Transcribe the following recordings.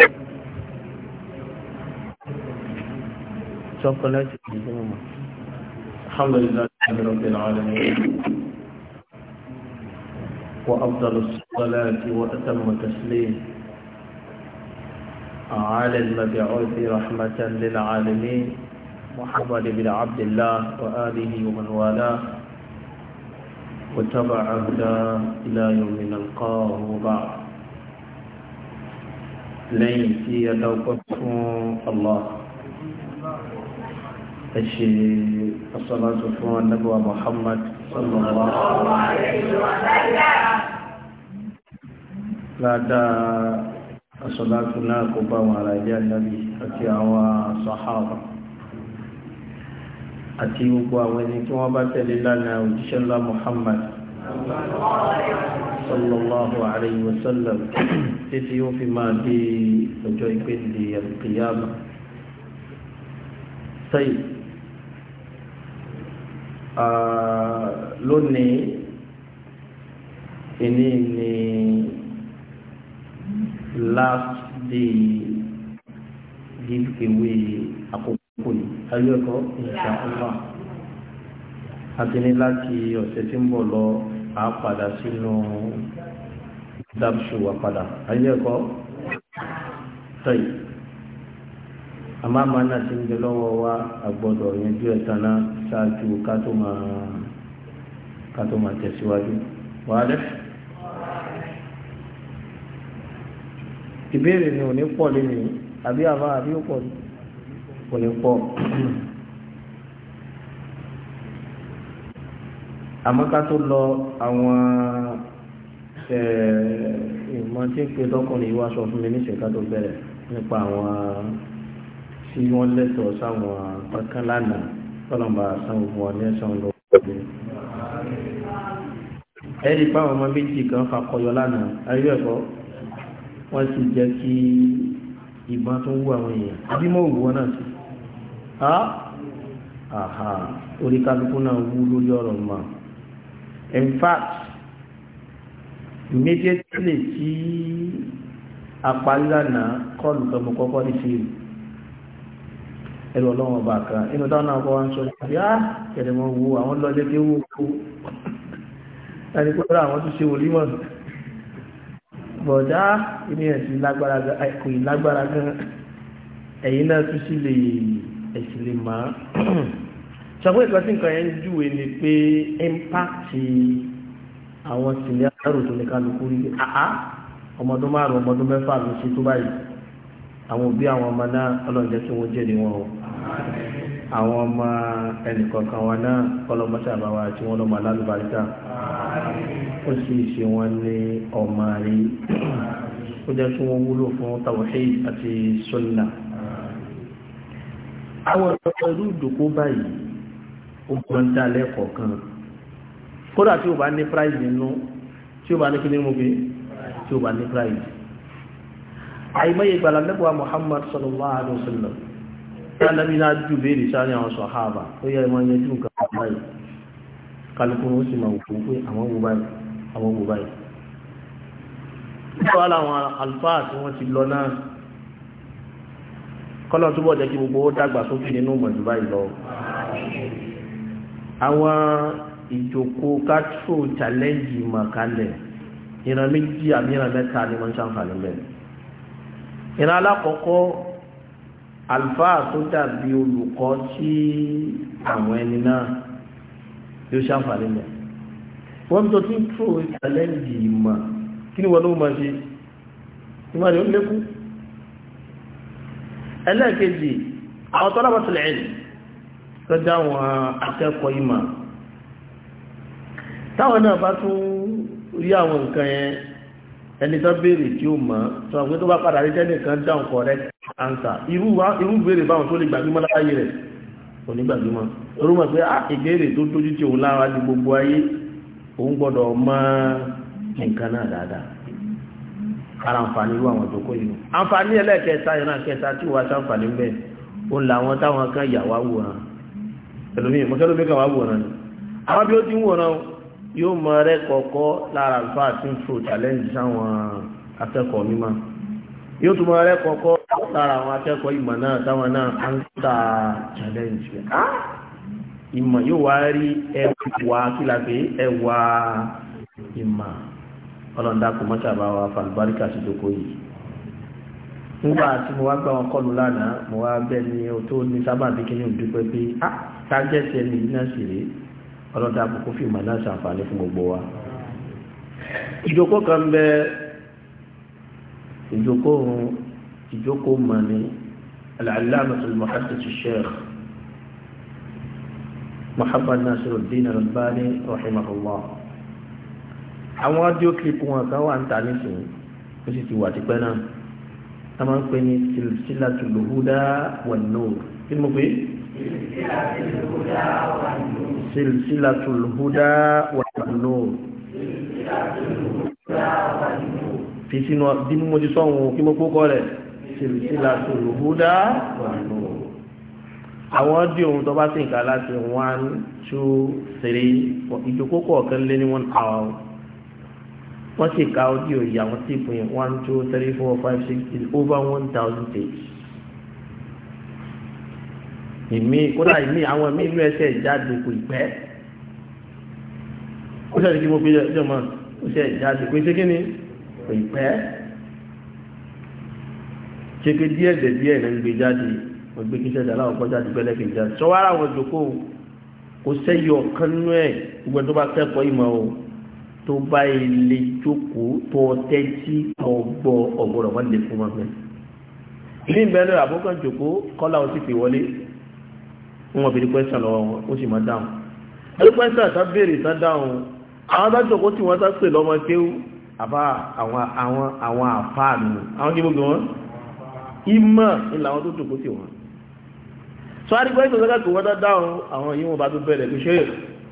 الحمد لله رب العالمين وأفضل الصلاة وأتم التسليم على المبعوث رحمة للعالمين محمد بن عبد الله وآله ومن والاه وتبع هداه إلى يوم نلقاه وبعد lẹ́yìn tí ẹ dáwọ́pọ̀ fún Allah ẹ ṣe ọ̀sọ̀lọ́sọ̀ fún anábíwá Muhammad sallallahu alaihi wa sallam dáadáa ọ̀sọ̀lọ́sọ̀ náà kó bá wọn ara jẹ́ ànábì àti àwọn sàhábà àti gbogbo àwọn ẹni tí wọ́n bá tẹ̀lé lánàá òjíṣẹ́ ńlá Muhammad sallallahu alaihi wa títí ó fi máa di ọjọ́ ìpèsè àlùkìyàmà sẹ́yìn lónìí ìní ni last day give away àkókò yìí ayé ẹ̀kọ́ insha Allah àti ní láti ọ̀sẹ̀ tí ń bọ̀ lọ àá padà sínú dábṣù wà padà ayé ẹ̀kọ́ tẹ́yì àmọ́ àmọ́ náà ti ń bẹ lọ́wọ́ wa àgbọ̀dọ̀ yanjú ẹ̀ tán náà ṣáájú ká tó máa tẹ̀síwájú wàhálẹ́. ìbéèrè ni ò ní pọ̀ lẹ́nu àbí àbá àbí ó pọ̀ kò ní pọ̀ àmọ́ ká tó lọ àwọn ìmọ̀ tí ń pe lọ́kùnrin wá sọ fún mi níṣẹ̀ká tó bẹ̀rẹ̀ nípa àwọn tí wọ́n lẹ́tọ̀ọ́ sáwọn kankan lánàá tọ́lọ̀mà sáwọn wọn ní ẹ̀sán lọ pẹ̀lú. ẹ̀rí pa àwọn ọmọ méjì kan fakọyọ lánàá ayé ẹ̀kọ́ wọ́n sì jẹ́ kí ìbọn tó wú àwọn èèyàn àbí mọ́ òwú wọn náà sí. àhà orí kálukú náà wú lórí ọ̀rọ̀ mọ́ in fact immediately tí apalilana kọlù tó mú kọ́kọ́ ní fíìmù ẹ̀rọ ọlọ́wọ́n ọba kan inú táwọn náà kọ́ wá ń sọ ní á kẹ̀lẹ́ wọn wo àwọn lọ lékè wó kó ẹni pé àwọn tún ṣe wòlímọ̀ bọ̀dá ilé ẹ̀sìn lágbára kò ì lágbára gan ẹ̀yìn náà tún sí lè ẹ̀sìn lè máa ṣàpọ̀ ìtọ́sí nǹkan yẹn ń júwe ni pé impact àwọn sílẹ̀ ẹrù tó ní kálukú rí àá ọmọdún márùn ọmọdún mẹ́fà ló ṣe tó báyìí àwọn òbí àwọn ọmọ náà ọlọ́ọ̀jẹ́ tí wọ́n jẹ́ ní wọn o àwọn ọmọ ẹnìkọ̀ọ̀kan wa náà ọlọ́mọṣẹ́ àbáwá tí wọ́n lọ́mọ alálùbáríkà ó sì ṣe wọn ní ọmọ rí ó jẹ́ tí wọ́n wúlò fún tawhid àti sunna àwọn ọ̀rọ̀ ìlú ìdòkó báyìí ó gbọ́n dá lẹ́kọ̀ọ́ kan kódà tí o bá ní price nínú tí o bá ní kíní mú bí tí o bá ní price àìmọye ìgbàlá lẹ́bùwà Muhammad sallallahu alaihi wasallam tí alábi náà jù béèrè sáré àwọn sọ̀háàbà ó yẹ ìmọ̀ yẹn jù nǹkan báyìí kálukú ó sì máa wò pé àwọn wò báyìí àwọn wò báyìí nípa àwọn àlùfáà tí wọ́n ti kọ́lọ̀ túbọ̀ jẹ́ kí gbogbo ó dàgbà sókè nínú mọ̀jú báyìí lọ àwọn ìjòkó kátó challenge ìmọ̀kalẹ̀ ìran méjì àbí ìran mẹ́ta ni wọ́n ń ṣàǹfààní bẹ́ẹ̀. ìran alákọ̀ọ́kọ́ àlùfáà tó dàbí olùkọ́ sí àwọn ẹni náà yóò ṣàǹfààní bẹ́ẹ̀. wọ́n tó ti ń tó challenge ìmọ̀ kí ni wọ́n ló máa ṣe ìmọ̀ ni ó lékún. ẹlẹ́ẹ̀kejì àwọn tọ́lábàtìlẹ̀ ẹ̀ tó dáwọn akẹ́kọ̀ọ́ ìmọ̀ táwọn náà bá tún rí àwọn nǹkan yẹn ẹni tó béèrè tí ó mọ̀ sọ pé tó bá padà rí tẹ́lẹ̀ kan dáhùn correct answer irú béèrè báwọn tó lè gbàgbímọ́ láyé rẹ̀ kò ní gbàgbímọ́ orú mọ̀ pé ah, ìbéèrè tó tójú tí òun lára di gbogbo ayé òun gbọ́dọ̀ mọ̀ nǹkan náà dáadáa ara àǹfààní irú àwọn tó kó inú àǹfààní ẹlẹ́ẹ̀kẹta ìran kẹta tí wàá sàǹfààní bẹ́ẹ̀ ó ń táwọn kan yà wá wòran ẹlòmíì mọ̀kẹ́lómi kan wá wòran ni àwọn bí ó ti ń wòran o yóò mọ rẹ kọ̀ọ̀kọ́ lára alfa tí ń fò challenge sáwọn akẹ́kọ̀ọ́ mímọ́ yóò tún mọ rẹ kọ̀ọ̀kọ́ lára àwọn akẹ́kọ̀ọ́ ìmọ̀ náà táwọn náà answer challenge ìmọ̀ yóò wá rí ẹwà kílàgbé ẹwà ìmọ̀ ọlọ́ndà kò mọ́ sábà wà fàlùbáríkà sí lóko yìí nígbà tí mo wá gbà wọn kọlù lánàá mo wá bẹ́ẹ̀ ni o tó ní sábà bí kí ni ò pé ah target ẹni yìí náà rèé ọlọ́dà àkókò fi mọ̀ náà ṣàǹfààní fún gbogbo wa ìjókòó kan bẹ ìjókòó ìjókòó mọ̀ ní العلامة المحدث الشيخ محمد ناصر الدين الألباني رحمه الله àwọn audio clip wọn kan wà ń ta nísìnyí ó sì ti wà tipẹ́ náà a máa ń pè ní silsilatul huda wan kí ni mo pè é سلسلة الهدى والنور fi sínú bí mú ti sọ́hun kí mú kó kọ́ rẹ̀ sìlìsílà tòlù húdá àwọn dí ohun tó bá sì ń ká láti 1 2 3 ìjókòó kọ̀ọ̀kan lé ní 1 hour wọ́n sì ká ọdí òyì àwọn tíìpù yẹn 1 2 3 4 5 6 is over 1000 pages ìmí kódà ìmí àwọn ìmí inú ẹsẹ̀ ìjáde kò ìpẹ́ ó ṣẹ̀lẹ̀ kí mo fi jẹ́ mọ́ ó ṣe ìjáde kò ìṣẹ́kí ni kò ìpẹ́ ṣe pé díẹ̀ dẹ̀ díẹ̀ rẹ̀ ń gbé jáde wọ́n gbé kíṣẹ́ ìjà láwọn kọjá dùgbẹ́ lẹ́kìn jáde sọ́wọ́ ara wọn jòkó kò sẹ́yọ ọ̀kan nú ẹ̀ gbogbo tó bá kẹ́kọ̀ọ́ ìmọ̀ o tó bá ilé e jókòó tó tẹ́tí ọgbọ́ ọ̀gbọ̀rọ̀ wọn lè fún wọn fẹ́ ní ìbẹ̀rẹ̀ àbúkọ̀ jòkó kọ́lá ó fi wọlé wọ́n bèèrè pẹ́sàn lọ́wọ́ wọn ó sì máa dáhùn ẹ̀rọ pẹ́sàn tá bèèrè tá dáhùn àwọn adájọ́ kó tí wọ́n tá pè lọ́mọ kéwú àbá àwọn àwọn àwọn àfáà nù àwọn kí gbogbo wọn ìmọ̀ ńlá àwọn tó tòkó tì wọn sọ àdìgbọ́ ìtọ́ sọ́kà kò wọ́n tá dáhùn àwọn yìí wọn bá tó bẹ̀rẹ̀ pé ṣé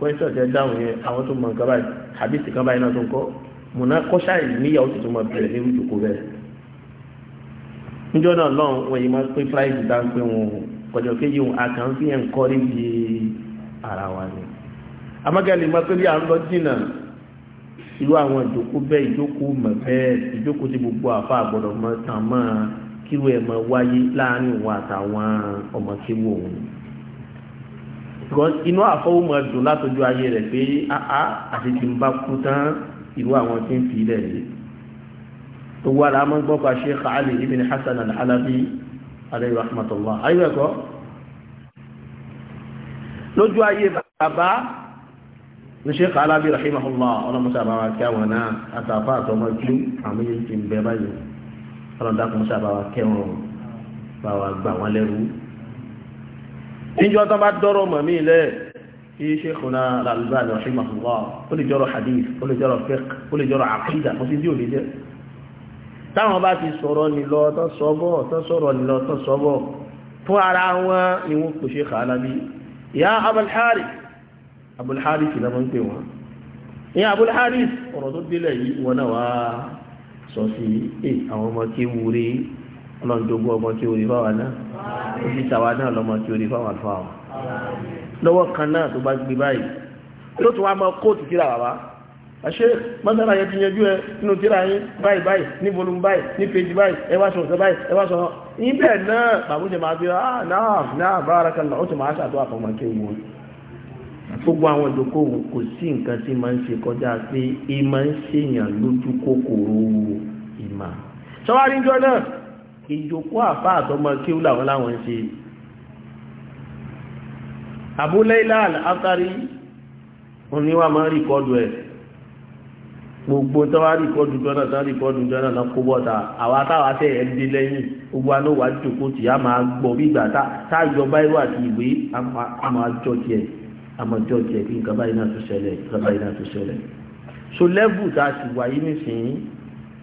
pẹ́sàn tẹ dáhùn yẹn àwọn tó mọ nǹkan báyìí àbísì kan báyìí náà tó ń kọ́ mùnà kọ́ṣà ìníyàwó tuntun máa bẹ̀rẹ̀ ní ìjòkó bẹ́ẹ̀ níjọ́ náà lọ́n wọ́n máa pé fúláìsì dá pé wọn kọjọ kéjì òun àkàn fi hàn kọrí di ara wa ni amagali mọ́tòlí à ń lọ jìnnà irú àwọn ìjókòó bẹ́ẹ̀ ìjókòó mọ̀ bẹ́ẹ̀ ìjókòó ti gbogbo àfa àgbọ̀dọ̀ mọ́ tàn mọ́ kíru ẹ̀ mọ́ wáyé láàrin òun àtàwọn ọmọ kéwù òun inú àfọwọ́mọ̀ dùn látọjú ayé rẹ̀ pé àá àti tí ń bá kú tán irú àwọn tí ń fi rẹ̀ yìí gbogbo àlámọ́ gbọ́kọ̀ Sheikh Ali ibn Hasan al alayhi rahmatullah ayé ẹ̀kọ́ lójú ayé bàbá ní Sheikh Alabi rahimahullah ọlọ́mọsá àbáwá kí àwọn náà àtàfà àtọmọ ìlú àmì ti ń bẹ báyìí ọlọ́dà kọmọsá àbáwá kẹwọn báwa gbà wọn lẹ́rú níjọ́ tó bá dọ́rọ̀ mọ̀ mí lẹ́ kí Sheikhuna Al-Albani rahimahullah ó lè jọrọ̀ hadith ó lè jọrọ̀ fiqh ó lè jọrọ̀ aqida mo ti dí òní jẹ́ táwọn bá ti sọ̀rọ̀ nílọ tó sọ́bọ̀ tó sọ̀rọ̀ nílọ tó sọ́bọ̀ fún ara wọn ni wọ́n kò ṣe Khalabi ya Abul Harith Abul Harith ìlàmọ́ ń pè wọ́n ní Abul Harith ọ̀rọ̀ tó délẹ̀ yìí wọ́n náà wá sọ sí ẹ̀ àwọn ọmọ kí wúrí ọlọ́njogún ọmọ kí wúrí fáwa náà ó sì tàwa náà àṣẹ mọ́sára yẹ ti yẹjú ẹ nínú tíra yín báyìí báyìí ní volume báyìí ní page báyìí ẹ wá sọ̀rọ̀ báyìí ẹ wá sọ̀rọ̀ ibẹ̀ náà bàbú ṣe máa bí ọ náà náà bárakàlá ó ti máa ṣàtọ́ àfọmọ́kẹ́ wọn gbogbo àwọn ìdókòwò kò sí nǹkan tí máa ń ṣe kọjá pé é máa ń ṣèyàn lójú kòkòrò ìmà sọwárí jọ náà ìjókòó àfá àtọmọkéwú làwọn láwọn ń ṣe Abu Layla al-Athari oníwà máa rí kọ́dù ẹ̀ gbogbo tó wá rìkọ́dù jọ́nà tó rìkọ́dù na lọ kó bọ́ta àwa táwa tẹ̀ ẹ́ dé lẹ́yìn gbogbo àná wàá jòkó tí a máa gbọ́ bí ìgbà tá a jọ báyìí wà sí ìwé a máa jọ tiẹ̀ a máa jọ tiẹ̀ kí nǹkan báyìí náà tó ṣẹlẹ̀ nǹkan báyìí náà tó ṣẹlẹ̀. so lẹ́bù tá a sì wà yìí nísìnyí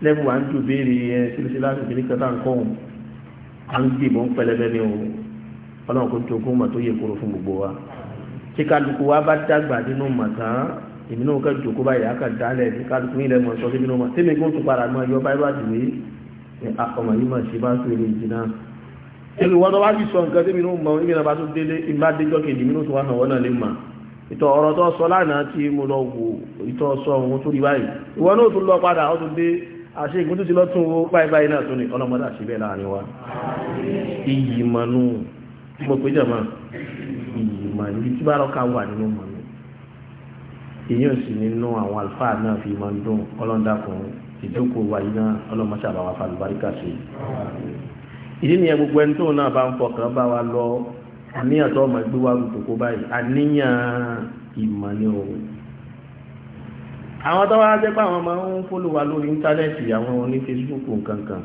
lẹ́bù wa ń jò béèrè ẹ ṣíṣe láti fi ní kẹta nǹkan ọ̀hún à ń gbìmọ̀ pẹlẹbẹ ní o ọlọ́run kò jogún mọ̀ tó yẹ kóró fún gbogbo wa kíkálukú wa bá dàgbà nínú màtán èmi náà ká jòkó báyìí á kà dálẹ̀ ní kálukú ilẹ̀ mọ̀ sọ fún mi náà mọ̀ tẹ́mi gbọ́n tó padà mọ́ ẹyọ báyìí wá dìwé ọmọ yìí mọ̀ ṣe bá tó eré ìdí náà. ẹnu wọn tó wá sí sọ nǹkan tẹ́mi náà mọ̀ ẹ̀mí náà bá tó délé ìgbà déjọ́ kejì mi náà tó wá hàn wọ́n náà lè mà. ìtọ̀ ọ̀rọ̀ tó sọ lánàá tí mo lọ wò ìtọ̀ sọ òun tó rí báyìí ìwọ náà tó lọ padà ó tó dé àṣe ìgbó èyàn sì nínú àwọn àlùfáà náà fi máa ń dùn ọlọ́ndàkùn ìjókòó wa yìí náà ọlọ́mọṣẹ́ àbáwá falùbáríkà sí i ìdí nìyẹn gbogbo ẹni tóun náà bá ń fọkàn bá wa lọ àníyàn tó ọmọ ẹgbẹ wa rúdò kó báyìí àníyàn ìmọ̀ ni o àwọn tó wá jẹ́ pé àwọn máa ń fólò wa lórí íńtánẹ́ẹ̀tì àwọn oní Facebook nǹkan kan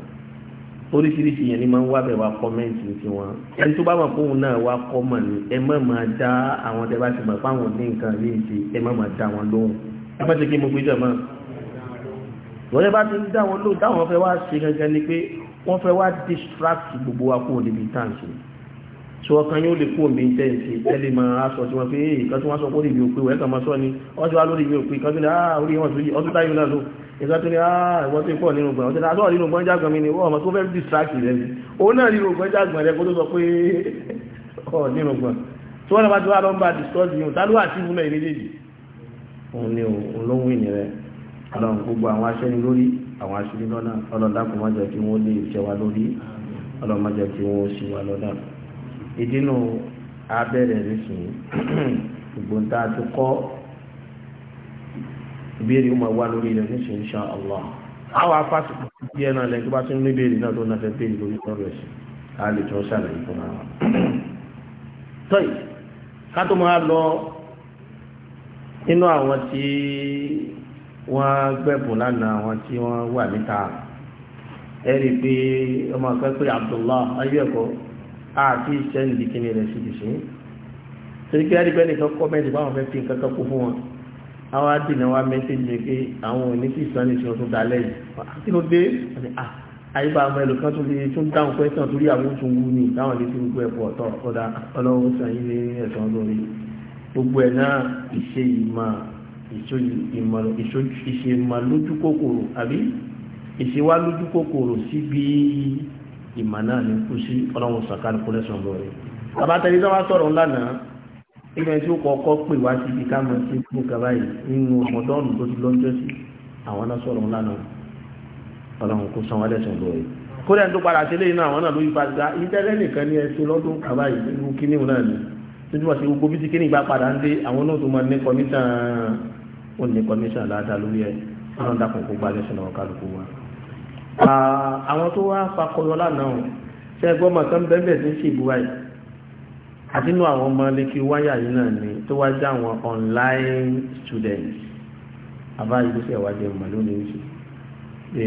oríṣiríṣi yẹn ni máa ń wá bẹ̀ wá kọ́mẹ́ǹtì ti wọn ẹni tó bá mọ̀ fóun náà wá kọ́mọ̀ ni ẹ má máa dá àwọn tẹ bá ti mọ̀ fáwọn ní nǹkan yìí ṣe ẹ má máa dá wọn lóhùn ẹ má ti kí mo péjọ mọ́ lọ́dẹ bá ti ń dá wọn lóhùn táwọn fẹ́ wá ṣe gangan ni pé wọ́n fẹ́ wá distract gbogbo wa kúrò níbi tá à ń ṣe tí wọ́n kan yóò lè kúrò mí tẹ́ ń ṣe ẹ lè máa sọ tí wọ́n ìgbà tó ní àwọn ah, tó pọ̀ nínú gbọ̀n ọ̀tẹ́ta ah, sọ́ọ̀ nínú gbọ̀n jágbọ̀n mi ni wọ́n ọmọ tó fẹ́ distract rẹ̀ ni òun náà nínú gbọ̀n jágbọ̀n rẹ̀ kó tó sọ pé ọ̀ nínú gbọ̀n tí wọ́n lọ́ba tí wọ́n lọ́ba discuss yìí ta ló wà sí ìmúlẹ̀ ìrẹ́jẹ̀jì òun ni olóhùn ìní rẹ̀ ọlọ́run gbogbo àwọn aṣẹ́ni lórí àwọn aṣẹ́ni lọ́nà ọlọ́dàkùn má jẹ́ kí wọ́n lè ṣẹ́ wa lórí ọlọ́run má jẹ́ kí wọ́n ṣì wa lọ́nà ìdínú abẹ́rẹ́ nísìnyí gbogbo ń ta tó kọ́ ìbéèrè ó máa wá lórí rẹ̀ ní insha Allah àwọn afásitì bí ẹ náà lẹ́yìn tó bá tún ní ìbéèrè náà tó náà fẹ́ béèrè lórí ọ̀rọ̀ ẹ̀sìn a lè tún ṣàlàyé fún wa. tọ́yì ká tó máa lọ nínú àwọn tí wọ́n gbẹ̀bùn lánàá àwọn tí wọ́n wà níta ẹ̀rí pé ọmọ akẹ́ pé Abdullah ayé ẹ̀kọ́ àti ìṣẹ́ǹdì kìnìún rẹ̀ sì ti ṣe é torí pé ẹ̀rí bẹ́ẹ̀ nìkan kọ́mẹ́ntì báwọn fẹ́ fi nǹkan kan kú fún wọn àwọn àdìnà wa mẹ́sẹ̀jì pé àwọn òní sí ìsọ́ni ìṣòro tó dalẹ̀ yìí kí ló dé àyíká àwọn ẹlòkan tó lè tún dáhùn pẹ́sàn torí àwọn oṣù wú ní ìdáhùn lè fi gbogbo ẹ̀pọ̀ ọ̀tọ̀ ọ̀dà ọlọ́run sàn yí ní ẹ̀sán lórí gbogbo ẹ̀ náà ìṣe ìmọ̀ ìṣe ìmọ̀ lójú kòkòrò àbí ìṣe wá lójú kòkòrò síbi ìmọ̀ náà ní kú sí ọlọ́run sàn kálukú lẹ́sàn lórí. àbátẹ́lẹ́sọ́ wá sọ̀rọ̀ ńlá náà ilẹ̀ tí ó kọ́kọ́ pè wá sí ibi ká mọ̀ sí fún kaba yìí nínú ọmọdọ́ọ̀nù tó ti lọ́jọ́ sí àwọn náà sọ̀rọ̀ ńlá náà ọlọ́run kó sanwó ẹlẹ́sìn lóore kódà tó padà sílé iná àwọn náà ló padà ìtẹ́lẹ̀ nìkan ní ẹsẹ̀ lọ́dún kaba yìí nínú kíní náà ni tuntun wá sí gbogbo bí ti kíní ìgbà padà ń dé àwọn náà tó máa ní kọ́míṣà ó ní kọ́míṣà láàdá lórí ẹ̀ ọlọ́run dàpọ̀ wa. àwọn tó wá fakọyọ lánàá ṣẹ́gbọ́n mọ̀ sán àti inú àwọn ọmọ lẹ́kí wáyà yìí náà ni tó wá já àwọn online students abáyébísẹ̀ wá jẹ́ mọ̀ lónìí oṣù pé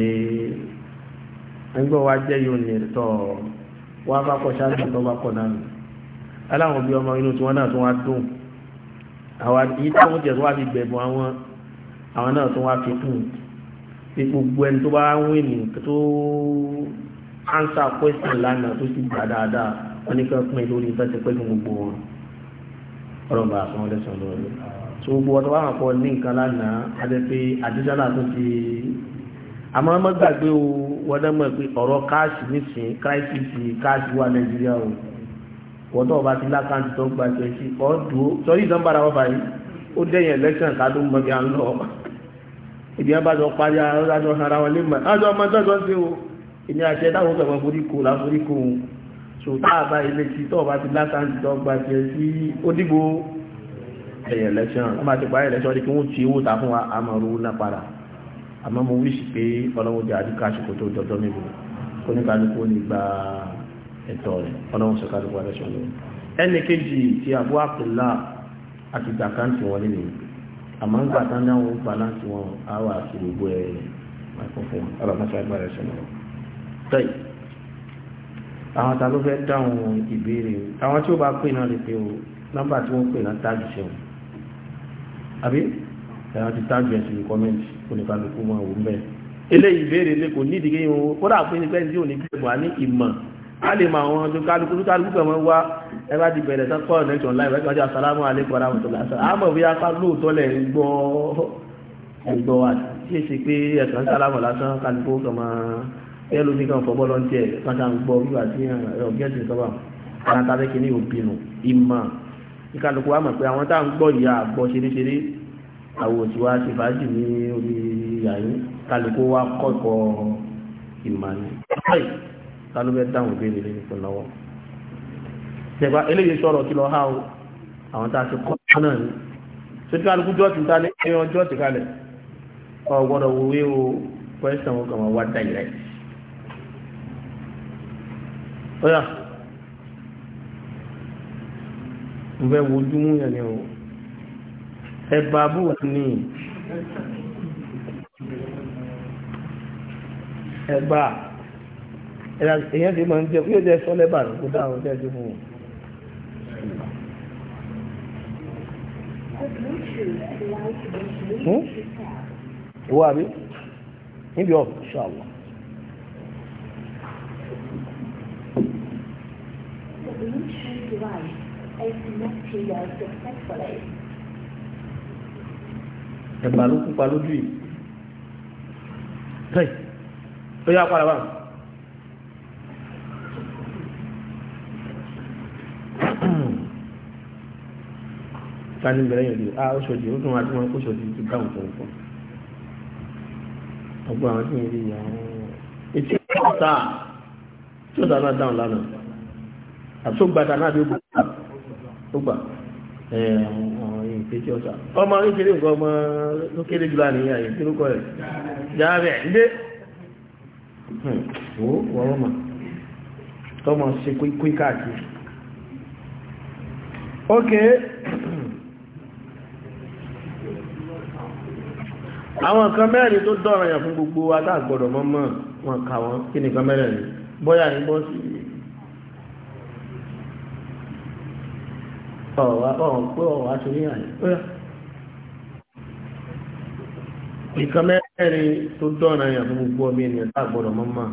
ẹgbẹ́ wa jẹ́ yóò ní ẹ̀tọ́ wá bá kọ ṣáájú tó bá kọ náà nù aláwọn bí ọmọ inú tiwọn náà tó wá dùn àwọn yìí táwọn jẹ̀ tó wá fi gbẹ̀bùn àwọn àwọn náà tó wá fi kùn pé gbogbo ẹni tó bá ń wí ní tó answer question lánàá tó sì gbà dáadáa wọ́n ní kí wọ́n pín in lórí bá ti pẹ́ fún gbogbo wọn ọlọ́run bá àfọwọ́n lẹ́sọ̀ lọ́wọ́ tó gbogbo ọ̀tọ̀ wà pọ̀ ní nǹkan lánàá adé àdíjálà tó ti àmọ́ ọmọ gbàgbé o wọ́n dẹ́ mọ̀ pé ọ̀rọ̀ káàsì nísìnyí kíráìsìsì káàsì wà nàìjíríà o wọ́n tó ọba ti lákàntì tó gba ṣe sí ọ̀dùn sọ́rí ìdánbàrà wọ́n báyìí ó dẹ̀yìn election kádó mọ́ bí a ń lọ ìdí wọn bá jọ parí arájọ ara wọn lé mọ́ àjọ ọmọ tó jọ ń ṣe o ìní àṣẹ táwọn fẹ̀mọ́ foríkò láforíkò so táàbá ilé tí tọ́ọ̀bá ti látàntì tọ́gbà ti ẹ̀ sí ódìgbò ẹ̀yẹ̀ election wọ́n máa ti parí election ọdí kí wọ́n ti owó ta fún wa a máa rówó ná padà àmọ́ mo wíṣì pé ọlọ́wọ́ jẹ́ àdúkà àsìkò tó dọ́dọ́ níbo kó ní kálukú ní gba ẹ̀tọ́ rẹ̀ ọlọ́wọ́ sọ kálukú election lọ ẹnì kejì ti Abu Abdullah àti gbàkáǹtì wọn nínú àmọ́ ń gbà tán ní àwọn balance wọn á wà sí gbogbo ẹ̀ máa kún àwọn ta ló fẹ́ dáhùn ìbéèrè àwọn tí ó bá pè náà lè pe o nọ́mbà tí wọ́n pè náà tájù ṣe o àbí ẹ̀rọ ti tájù ẹ̀ sí kọ́mẹ́ntì oníkàlùkù wọn ò ń bẹ́ẹ̀ eléyìí ìbéèrè lè kò ní ìdíkẹ́ yìí wọn kódà pé ní pẹ́ẹ́ntì òní bí ẹ̀bùn á ní ìmọ̀ á lè mọ àwọn ọdún kálukú tó kálukú pẹ̀lú wọn wá ẹ bá ti bẹ̀rẹ̀ sọ́kọ́ ọ̀nẹ́tọ̀ láì wẹ́kẹ́ ọjọ́ asàlámù alẹ́kùn ara wọn tó lásà àmọ́ bí apá lóòótọ́ lẹ̀ ń gbọ́ ẹ̀gbọ́ àti tí èsì pé ẹ̀sán sálámù lásán kálukú kàn ẹlò ní kan fọ́bọ́ lọ́n tiẹ̀ pátá ń gbọ́ wíwà tí ọ̀gẹ́sì sọ́wọ́ ara tàbí kìíní òbínú ìmọ̀ ìkàlùkù wa mọ̀ pé àwọn tá à ń gbọ́ ìyá àgbọ̀ ṣeréṣeré àwọn òtí wa ṣe fàájì ní orí yàrá kàlùkù wa kọ́kọ́ ìmọ̀ ni. báyìí ta ló fẹ́ dáhùn ìbéèrè lé nípa lọ́wọ́. ṣẹ̀gbá eléyìí sọ̀rọ̀ kí lọ há o àwọn tá a ti kọ́ náà ni. ṣètò kàlùkù jọ́ọ̀tì ta ní ẹyọ jọ́ọ̀tì kalẹ̀ ọ̀gbọ́dọ̀ wòwe o pẹ́sàn ó kàn wá direct ọ̀yà mo fẹ́ wojú mú yẹn ni o ẹ̀bà bó wà ní ẹ̀bà èyàn ti máa ń jẹ yóò jẹ sọ rẹ̀ kó dáhùn jẹ́ sí fún un. Hm? Wọ́n àbí? Níbi ọ̀pọ̀ ṣàwọ̀. the initial device as material successfully. Ẹ̀bà ló kópa lójú yìí. Tẹ́yì, ó yá padà báyìí. Tani bẹ̀rẹ̀ yẹn lè, ah ó ṣojú, ó tún wá tí wọ́n kó ṣojú ti dáhùn tó ń kọ́. Ọgbọ́n àwọn tí wọ́n rí ìyàwó. Ètí ìpàtà tí ó dáná dáhùn lánàá àti ògbàdà náà bí ó gbà ìfẹ́jì ọ̀sà ọmọ ìkéré nǹkan ọmọ ló kéré jùlọ àníyàn àyè tí ó kọ́ rẹ̀ jáàbẹ̀ ilé ó wọ́rọ̀ mà tọ́mọ ṣe kúí káàkiri ok àwọn nǹkan mẹ́rin tó dọ̀rọ̀ yàn fún gbogbo adágbọ̀dọ̀ mọ́mọ́ wọn kà wọ́n kí nìkan mẹ́rin bóyá ní bọ́sì ọ̀wá ọ̀hún pé ọ̀wá tó ní àyè pé nǹkan mẹ́rin tó dọ́nà yàn fún gbogbo ọmọ ènìyàn tá àgbọ̀dọ̀ mọ́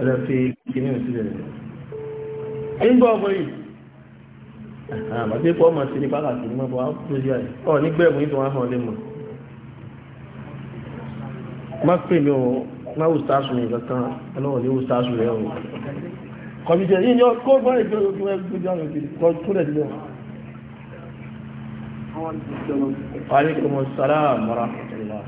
ẹ̀rọ fi kíní òsílẹ̀ rẹ̀ ń ọmọ yìí àbájẹ́pọ̀ ọmọ sí ní pákàtí ní mọ́bọ̀ á tó yá ẹ̀ ọ̀ nígbẹ̀mú ìtàn áhàn lè mọ̀ má pè mí o má wò sáàsù mi kankan ọlọ́wọ́ ní wò sáàsù rẹ̀ o kọ̀míṣẹ̀ yìí ni kó gbọ́n ìgbé ogun ẹgbẹ́ ojú àwọn òkèèrè kọ́ tó rẹ̀ sílẹ̀ Aleykum salaam wa rahmatullah.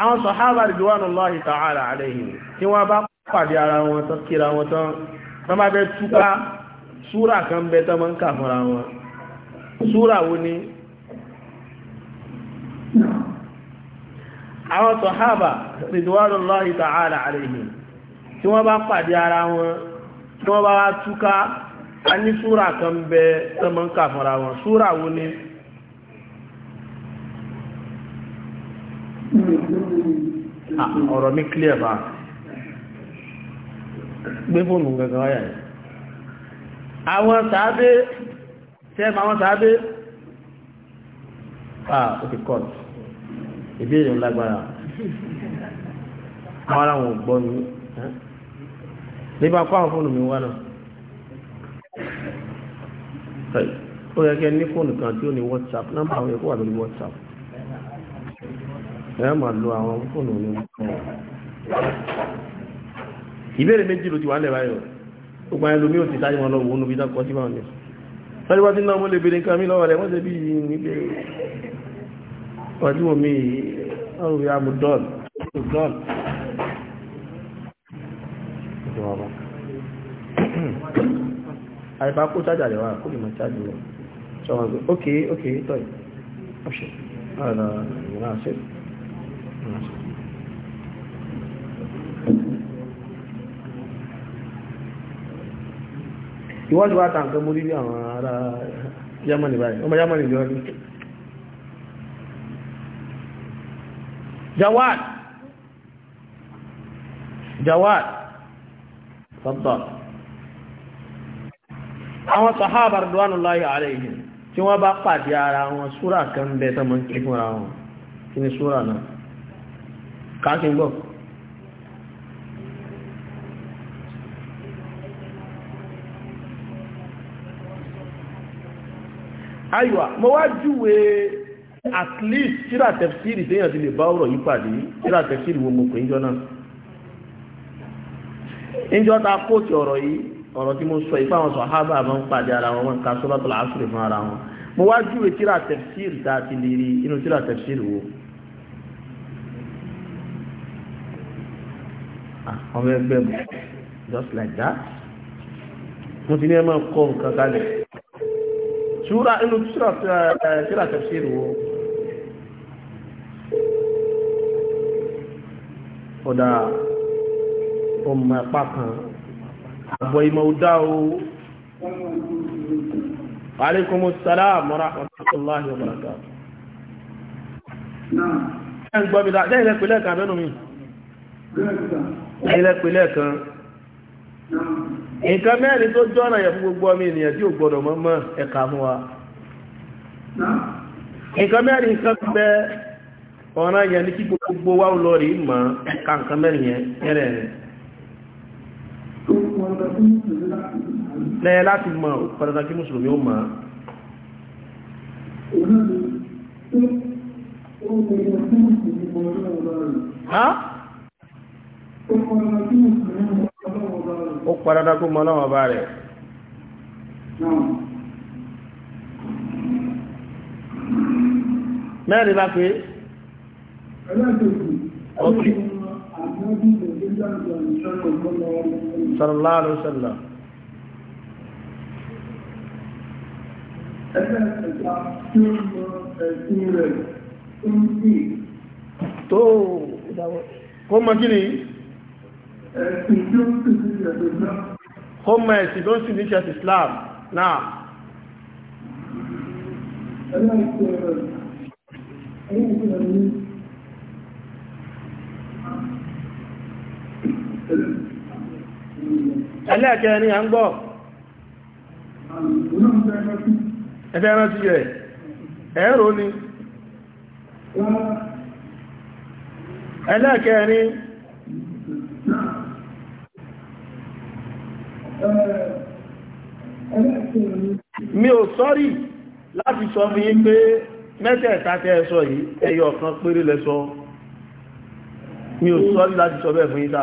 Àwọn sọ̀hábà ridwanullahi ta'ala alayhim tí wọ́n bá pàdé ara wọn tán kíra wọn tán, wọ́n bá bẹ́ túká súrà kan bẹ tó máa ń kà fúnra wọn súrà wo ni àwọn sọ̀hábà ridwanullahi ta'ala alayhim tí wọ́n bá pàdé ara wọn tí wọ́n bá wá túká a ní kan bẹ tó máa ń kà fúnra wọn ni ah, ọ̀rọ̀ mi bá gbé fóònù wáyà àwọn sàábé tẹ́mà àwọn sàábé ah ó ti kọ́t ìbéèrè ńlágbára àwọn aláwọn ògbọ́ ní nígbà kọ́ àwọn fóònù mi wá náà ó yẹ kẹ́ ní fóònù kan tí ó ní whatsapp nọ́mbà àwọn ẹ̀kọ́ wà lórí whatsapp ẹ̀ máa lo àwọn fóònù ní whatsapp ìbéèrè méjì ló ti wà lẹ́bàá yìí gbogbo àwọn ẹlòmí ò ti sáré wọn lọ wọ́n níbi dákọ̀ sí wọn lẹ̀ sáré wá tí náà wọ́n lè bèèrè nǹkan mi lọ́wọ́ rẹ̀ wọ́n ṣe bí níbi ọdún omi ọrùn ya mú dọ́ọ̀n dọ́ọ̀n àìbá kó chájà rẹ̀ wá kó lè máa chájì rẹ̀ sọ́wọ́n gbé ok ok tọ́yì ọ̀ṣẹ́ ọ̀nà ìrìnàṣẹ́ ìrìnàṣẹ́ ìwọ́n ti wá ta nǹkan mú rí àwọn ará yamani báyìí ọmọ yamani jọ rí jawad jawad sọ́tọ̀ àwọn sahaba radwanullahi alayhim tí wọ́n bá pàdé ara wọn súra kan bẹ́ẹ̀ tán mọ́ kí fúnra wọn kí ni súra náà káàkiri gbọ́ àyùwà mo wá júwe at least tíra tẹfsiri téèyàn ti lè bá ọ̀rọ̀ yìí pàdé tíra tẹfsiri wo mo pè ńjọ náà ńjọ ta kóòtù ọ̀rọ̀ yìí ọ̀rọ̀ tí mo sọ yìí fáwọn sàhábà máa ń pàdé ara wọn wọn ka suratul asr fún ara wọn mo wá júwe tíra tẹfsiri tá a ti lè rí inú tíra tẹfsiri wo. ọmọ ẹgbẹ́ mi just like that mo ti ní ẹ máa kọ́ nǹkan kalẹ̀. ṣúra inú ṣúra eh, tafsiru wo ọ̀dà ọmọ kan àbọ̀ ìmọ̀ ọ̀dá o alaikumus salam wa rahmatullahi wa barakatuh ẹ̀ ń gbọ́ mi dáa jẹ́ ilẹ̀pẹ̀lẹ̀ kan abẹ́nu mi ilẹ̀pẹ̀lẹ̀ kan nǹkan mẹ́rin tó jọ́nà yẹ fún gbogbo ọmọ ènìyàn tí ò gbọdọ̀ mọ́ mọ́ ẹ̀ka fún wa nǹkan mẹ́rin kan bẹ yẹn ní kí gbogbo wa lọ rí mọ́ ẹ̀ka nǹkan mẹ́rin yẹn ẹ̀rẹ̀ rẹ̀ lẹ́yẹ láti mùsùlùmí ó Ha? ó padàdá kó mọ́ lọ́wọ́ bá rẹ̀ mẹ́rin bá pé ọkì sallallahu alaihi wasallam ẹgbẹ́ ẹ̀ta tí ó mọ ẹ̀sìn rẹ̀ tó ń bí tó kó mọ́ kí ni ọmọ ẹ̀sìn tó ń sì níṣẹ́ sí Islam náà ẹlẹ́ẹ̀kẹ́ ni a ń gbọ́ ẹ̀fẹ́ rántí rẹ̀ ẹ̀rọ ni ẹlẹ́ẹ̀kẹ́ ni mi ò sọ́rí láti sọ mi yí pé mẹ́tẹ̀ẹ̀ta tẹ́ ẹ sọ yìí ẹyọ kan péré lẹ sọ mi ò sọ́rí láti sọ bẹ́ẹ̀ fún yín ta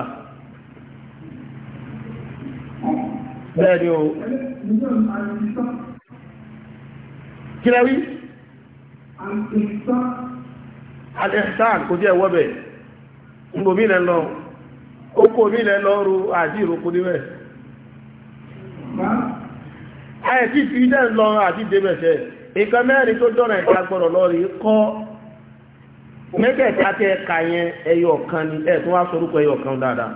bẹ́ẹ̀ ni o kí lẹ́wí alẹ́sàn kò jẹ́ ẹ̀wọ́ bẹ̀ ń bò mí lẹ́ lọ ó kò mí lẹ́ lọ́rùn àdìrò kò níbẹ̀ àyẹ̀tí fi dẹ́ lọ́rùn àti débẹ̀ṣẹ́ nǹkan mẹ́rin tó jọ́nà ìta gbọ́dọ̀ lọ́rí kọ́ mẹ́tẹ̀ẹ̀ta tẹ́ ka yẹn ẹyọ kan ni ẹ̀ tó wá sorúkọ ẹyọ kan dáadáa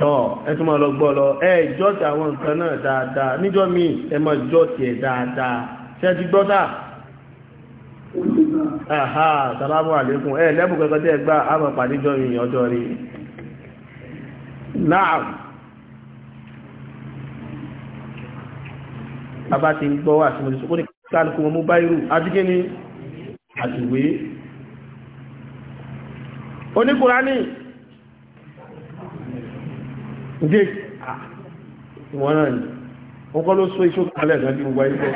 tọ́ ẹ tún máa lọ gbọ́ lọ ẹ jọ́tì àwọn nǹkan náà dáadáa níjọ́ míì ẹ máa jọ́tì ẹ̀ dáadáa ṣe ti gbọ́ sáà Aha, salamu alaikum. Ẹ lẹ́bùn kankan tẹ́ gbá, a máa pàdé jọ́ mi ọjọ́ rí náà bàbá ti ń gbọ́ àti mo ti sọ́kọ́ ní kálukú wọn mú báyìí rù adígé ni àtìwé oníkùránì ǹdé ìwọ̀n náà ni wọ́n kọ́ ló sọ iṣó kalẹ̀ ẹ̀gbọ́n tí gbogbo ayé bọ́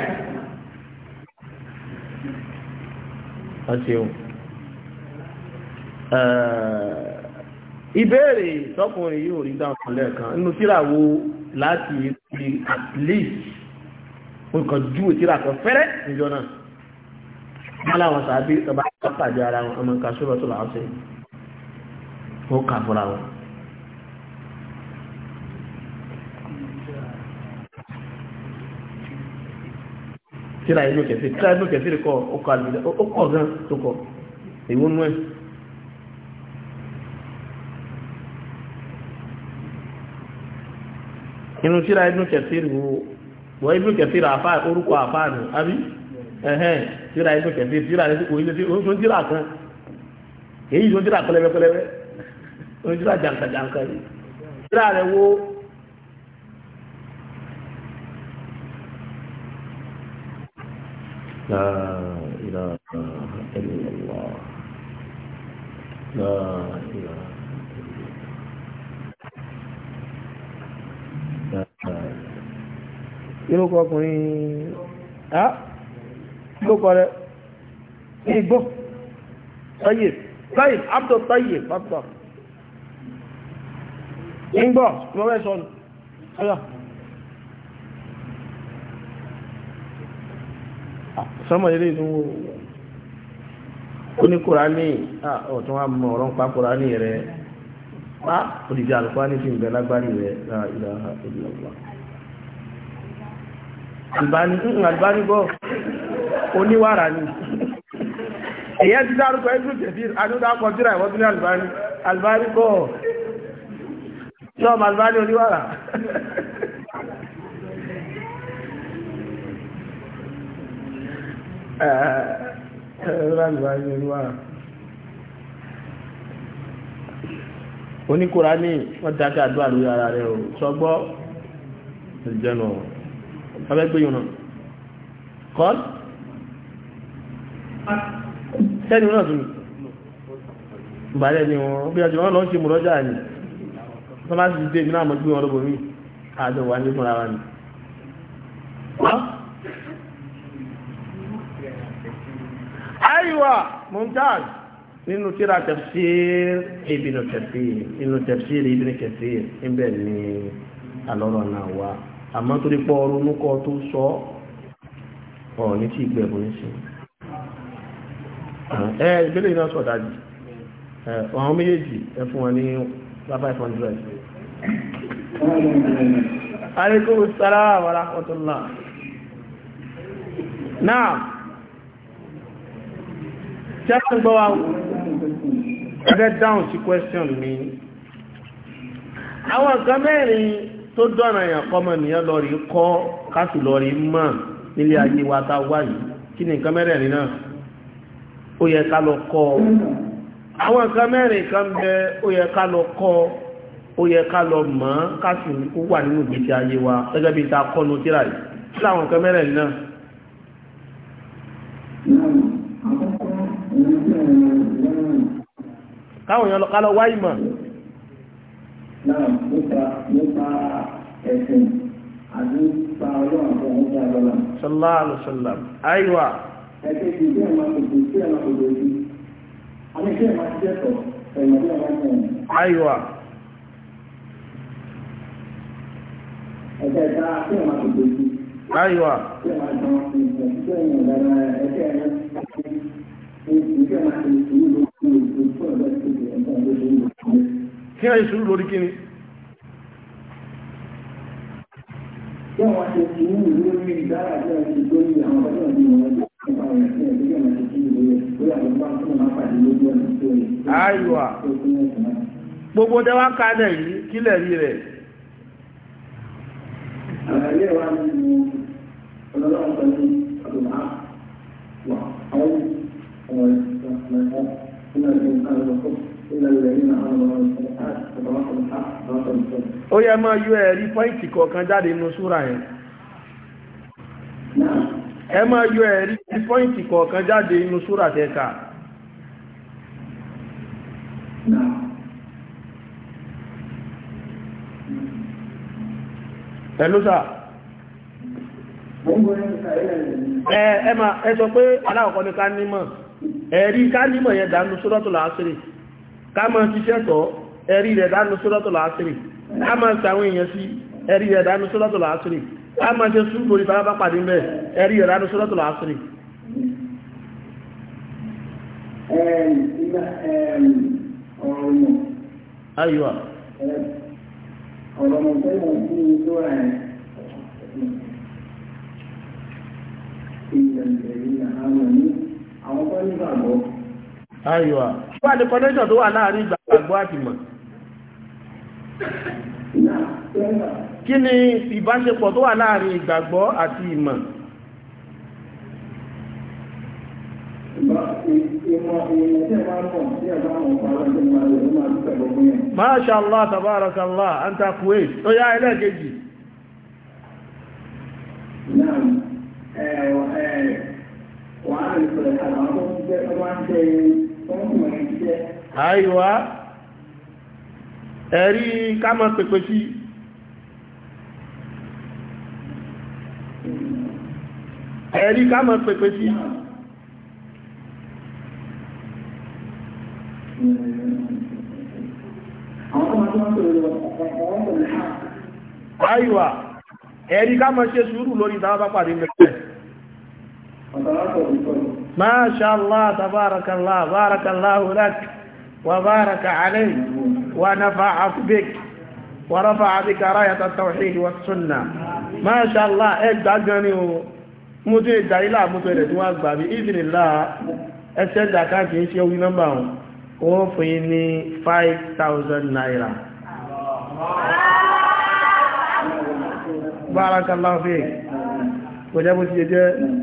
ọ̀ṣẹ̀wọ̀n ìbéèrè tọkùnrin yóò rí dáhùn lẹ́ẹ̀kan nínú tíra wo láti pè at least nǹkan ju tíra kan fẹ́rẹ́ níjọ náà mọ́lá wọn sàbí ọba pàdé ara wọn ọmọ nǹkan ṣọ́rọ̀ tó làwọn sẹ́yìn ó kà fúnra wọn tíra inú kẹfì tíra inú kẹfì kọ ó kọ gan tó kọ ìwónú ẹ̀ inú tíra Ibn Kathir wo wọ́n Ibn Kathir àfáà orúkọ àfáà nù àbí ẹ̀hẹ́n tíra Ibn Kathir tíra rẹ̀ kò ilé tí ó ń tíra kan èyí ló ń tíra pẹlẹbẹpẹlẹbẹ ó ń tíra jàǹkàjàǹkà yìí tíra rẹ̀ wo لا إله إلا الله لا إله kílókọ ọkùnrin á kílókọ rẹ̀ ní igbó tọ́yè tọ́yè abdul tọ́yè pàtó ìgbọ́ lọ́wẹ́ sọ́nù ọ̀yà sọ́mọ̀ ilé ìdúnwò ó ní kùránì ọ̀tún wa mọ̀ ọ̀rọ̀ ń pa kùránì rẹ̀ pa òdìdí àlùkò á ní fi ń bẹ lágbárí rẹ̀ láìláha ìlọ́gbà Albani Albani mm, bọ́ oníwàrà ni èyẹ́ ti dárúkọ ẹgbẹ́ tẹ̀sí adúdápọ̀ tíra ìwọ́n tún ní Albani Albani bọ́ ṣọ́ọ̀mù Albani oníwàrà Albani eh, eh, eh, oníwàrà oníkùrá ní wọ́n dákẹ́ àdúrà lórí ara rẹ̀ o sọgbọ́ ìjẹnu ọ̀rọ̀ abẹ́ gbé yùn náà kọ́l sẹ́ni náà tún bàálẹ̀ ni wọ́n bí ọjọ́ wọn lọ ṣe mú lọ́jà ni wọ́n bá sì dé mi náà mọ́ gbé wọn lọ́gbọ̀ mí àjọ wà ní fúnra wa ni àìwà mumtaz nínú tíra tafsir ibn tafsir ibn tafsir ibn ni alọ́rọ̀ náà wà àmọ́ torí pọ́ ronúkọ tó sọ ọ̀ ní tí ìgbẹ̀bùn ní sí ẹ ìgbélé iná sọ dájì ọ̀hún méjèèjì ẹ fún wọn ní 500 alaikum salaam wa rahmatullah náà tẹ́kùn gbọ́ wa ẹgbẹ́ dáhùn sí question mi àwọn kan mẹ́rin tó dọ̀nà yàn kọ́mọnìyàn lọ rí kọ́ káṣù lọ nílé ayé wa ta wá yìí kí ni nǹkan mẹ́rẹ̀ẹ̀rin náà ó yẹ ká lọ kọ́ àwọn nǹkan mẹ́rin kan bẹ ó yẹ ká lọ kọ́ ó yẹ ká lọ káṣù wà nínú ìgbésí ta kọ́nu tíra yìí kí làwọn nǹkan naa náà. káwọn yẹn lọ ká lọ wá ìmọ̀. náà nípa nípa ẹ̀sìn àti nípa ọlọ́run àti ọ̀hún ní àlọ́lá. sọlá àlùsọlá àìwá. ẹ̀kẹ́ ti bí ẹ̀ma kòtò sí ẹ̀ma kòtò sí àmì sí ẹ̀ma ti jẹ́tọ̀ ẹ̀ma bí ẹ̀ma ti ẹ̀ma. àìwá. ẹ̀kẹ́ ta sí ẹ̀ma kòtò sí. àìwá kí wọ́n yẹ sùúrù lórí kíni. Aywa. Gbogbo dẹ́wà kalẹ̀ yìí kílẹ̀ rí rẹ̀. Àlàyé wa ni ọlọ́run pẹ̀lú àdùnmá àwọn ọ̀rọ̀ ìgbà mẹ́ta nínú ẹgbẹ̀rún kan lọ́kọ̀ọ́. ó yẹ máa yọ ẹ̀rí pọ́ìntì kọ̀ọ̀kan jáde nínú súra yẹn ẹ máa yọ ẹ̀rí pọ́ìntì kọ̀ọ̀kan jáde nínú súra tẹ́ka ẹ̀lú sáà ẹ sọ pé aláwọ̀kọ́ ní ká nímọ̀ ẹ̀rí ká nímọ̀ yẹn dánú la asri ká máa ṣiṣẹ́ tọ́ ẹ̀rí rẹ̀ dánú suratul asri ká máa ṣàwọn èèyàn sí ẹ̀rí rẹ̀ dánú suratul asri ká máa ṣe súnkò ní bàbá pàdé mẹ́ ẹ̀rí rẹ̀ dánú suratul asri Ayúwà. Ọ̀rọ̀ mọ̀ tẹ́lẹ̀ ní àwọn tó ní bàbọ̀. wá ní connection tó wà láàrin ìgbàgbọ́ àtìmọ̀ kí ni ìbáṣepọ̀ tó wà láàrin ìgbàgbọ́ àti ìmọ̀ Masha Allah, an ta kuwe, tó yá ilẹ̀ kejì. Náà, á rí àwọn ọmọ ṣe ọmọ àìwá ẹ̀rí kámọ́ pẹ̀pẹ̀ sí ẹ̀rí kámọ́ pẹ̀pẹ̀ sí àìwá ẹ̀rí kámọ́ ṣe sùúrù lórí ìdáwà bá mẹ́rin ما شاء الله تبارك الله بارك الله لك وبارك عليك ونفع بك ورفع بك راية التوحيد والسنة ما شاء الله ادعى جاني موتو ادعى لا بإذن الله ẹsẹ́dà káàkì ń ṣe وفيني 5,000 naira بارك الله láfíì وجبت jẹ́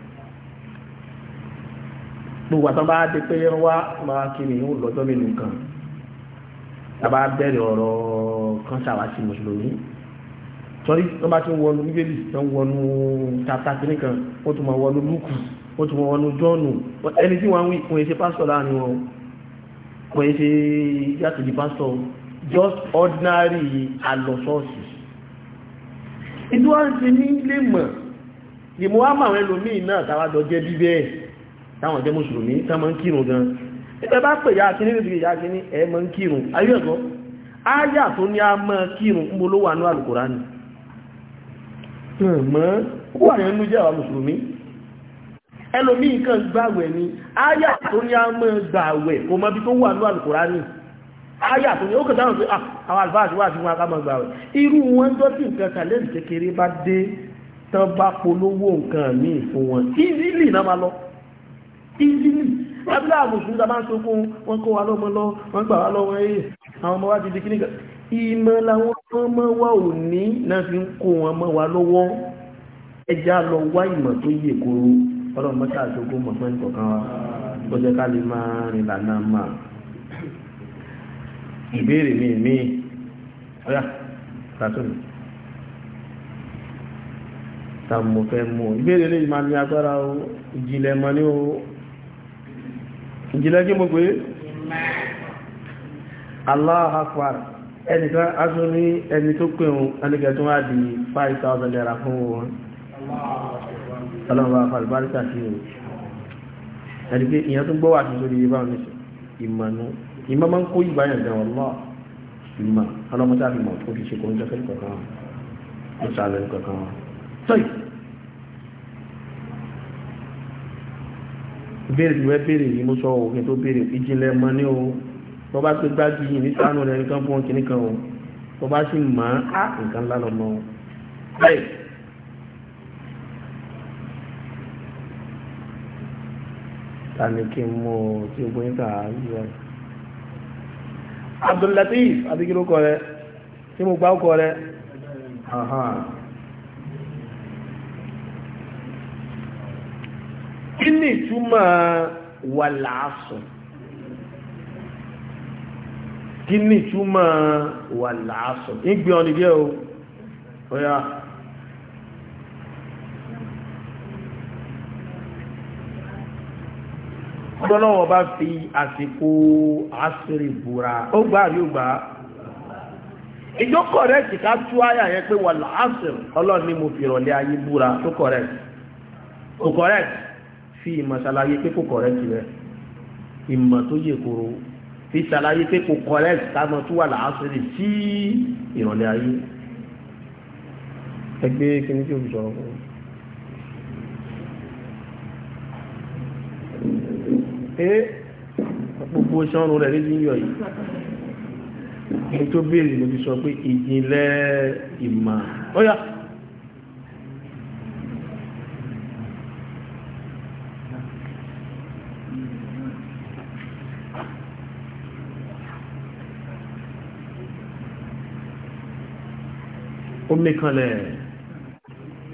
gbogbo àtọ́ bá dé pé wá máa kí ni ó lọ́jọ́ mi nìkan tàbá bẹ̀rẹ̀ ọ̀rọ̀ kan ṣàwáṣí mùsùlùmí sọrí wọ́n bá ti wọnú bíbélì tó ń wọnú tata kìíní kan ó tún máa wọnú lúkù ó tún máa wọnú jọ́ọ̀nù ẹni tí wọ́n ń wí kò yẹ ṣe pásítọ̀ láàrin wọn kò yẹ ṣe yàtọ̀ di pásítọ̀ just ordinary alọ́sọ́ọ̀sì ìdúrà ti ní lè mọ̀ ìmọ̀ àmàwọn ẹlòmíì náà táwa jọ jẹ́ bíbẹ́ẹ̀ táwọn jẹ́ mùsùlùmí tán máa ń kírun gan ẹgbẹ́ bá pè ya kíní nítorí ya kíní ẹ máa ń kírun ayé ẹ̀kọ́ áyà tó ní a máa kírun ń bolówó àánú àlùkùránì mọ́ wà nínú jẹ́ àwọn mùsùlùmí ẹlòmí ni a máa gbàwẹ̀ kò mọ́ bí tó wà ní àlùkùránì áyà tó ní ó kẹta ah, náà bá polówó nǹkan míì fún wọn easily náà máa lọ ìdílì abúlé àmùsùn tàbá ń sókún wọn kó wa lọ́mọ lọ wọn gbà wá lọ́wọ́ ẹ̀yẹ àwọn ọmọ wa ti di kíní kan ìmọ̀ làwọn ọmọ wa ò ní náà fi ń kó wọn mọ́ wa lọ́wọ́ ẹja lọ wá ìmọ̀ tó yẹ kóró ọlọ́run mọ́tà àṣogún mọ̀ fẹ́ nìkọ̀kan wa ó jẹ́ ká lè máa rìn lànà máa ìbéèrè mi mi ọ̀yà sàtúnù tàbí mo fẹ́ mú ìbéèrè lè máa ní agbára ìjìnlẹ̀ mọ́ ní o ìjìnlẹ̀ kí mo pé Allahu Akbar ẹnìkan aṣọ ní ẹni tó pè ohun ẹnìkẹ́ tó wá di 5,000 naira fún wọn ọlọ́run bá fàlùbáríkà sí ohun ẹni pé ìyẹn tó gbọ́wà tó lórí ibá mi ìmọ̀nú ìmọ̀ máa ń kó ìbáyàn jẹ́ ọlọ́ ìmọ̀ ọlọ́mọdé àfihàn tó fi ṣe kó ń jẹ́ fẹ́ ìbéèrè tí wọ́n béèrè yìí mo sọ òfin tó béèrè ìjìnlẹ̀ mọ́ ní o tó bá pé gbájú yìí ní sánú rẹ̀ nǹkan fún kìnnì kan o tó bá sì mọ́ á nǹkan ńlá lọ́mọ o. bẹ́ẹ̀ kí n mú o tí o gbóyún ká yíyọ rẹ̀. Abdul Latif àbíkí ló kọ rẹ tí mo gbá kọ rẹ. Gịnị ni ìtumọ̀ Gịnị kí ni ìtumọ̀ wàlàásù ìgbé o ọ̀yá ọlọ́wọ́ bá fi àsìkò àṣírí búra ó gbà rí ó gbà ìjọ kọ̀rẹ́tì ká tú àyà yẹn pé wàlàásù ọlọ́ni mo fi rọ̀lẹ́ ayé búra tó fi ìmọ̀ ṣàlàyé pé kò kọ̀rẹ́tì rẹ̀ ìmọ̀ tó yẹ kóró fi ṣàlàyé pé kò kọ̀rẹ́tì táwọn tó wà láàásìrì sí ìrọ̀lẹ́ ayé ẹgbẹ́ kíní tí o sọ̀rọ̀ fún ee eh, gbogbo sọ́run rẹ̀ níbi yọ yìí mo tó béèrè mo ti sọ pé ìjìnlẹ̀ ìmọ̀ ó ó mẹ́kànlẹ̀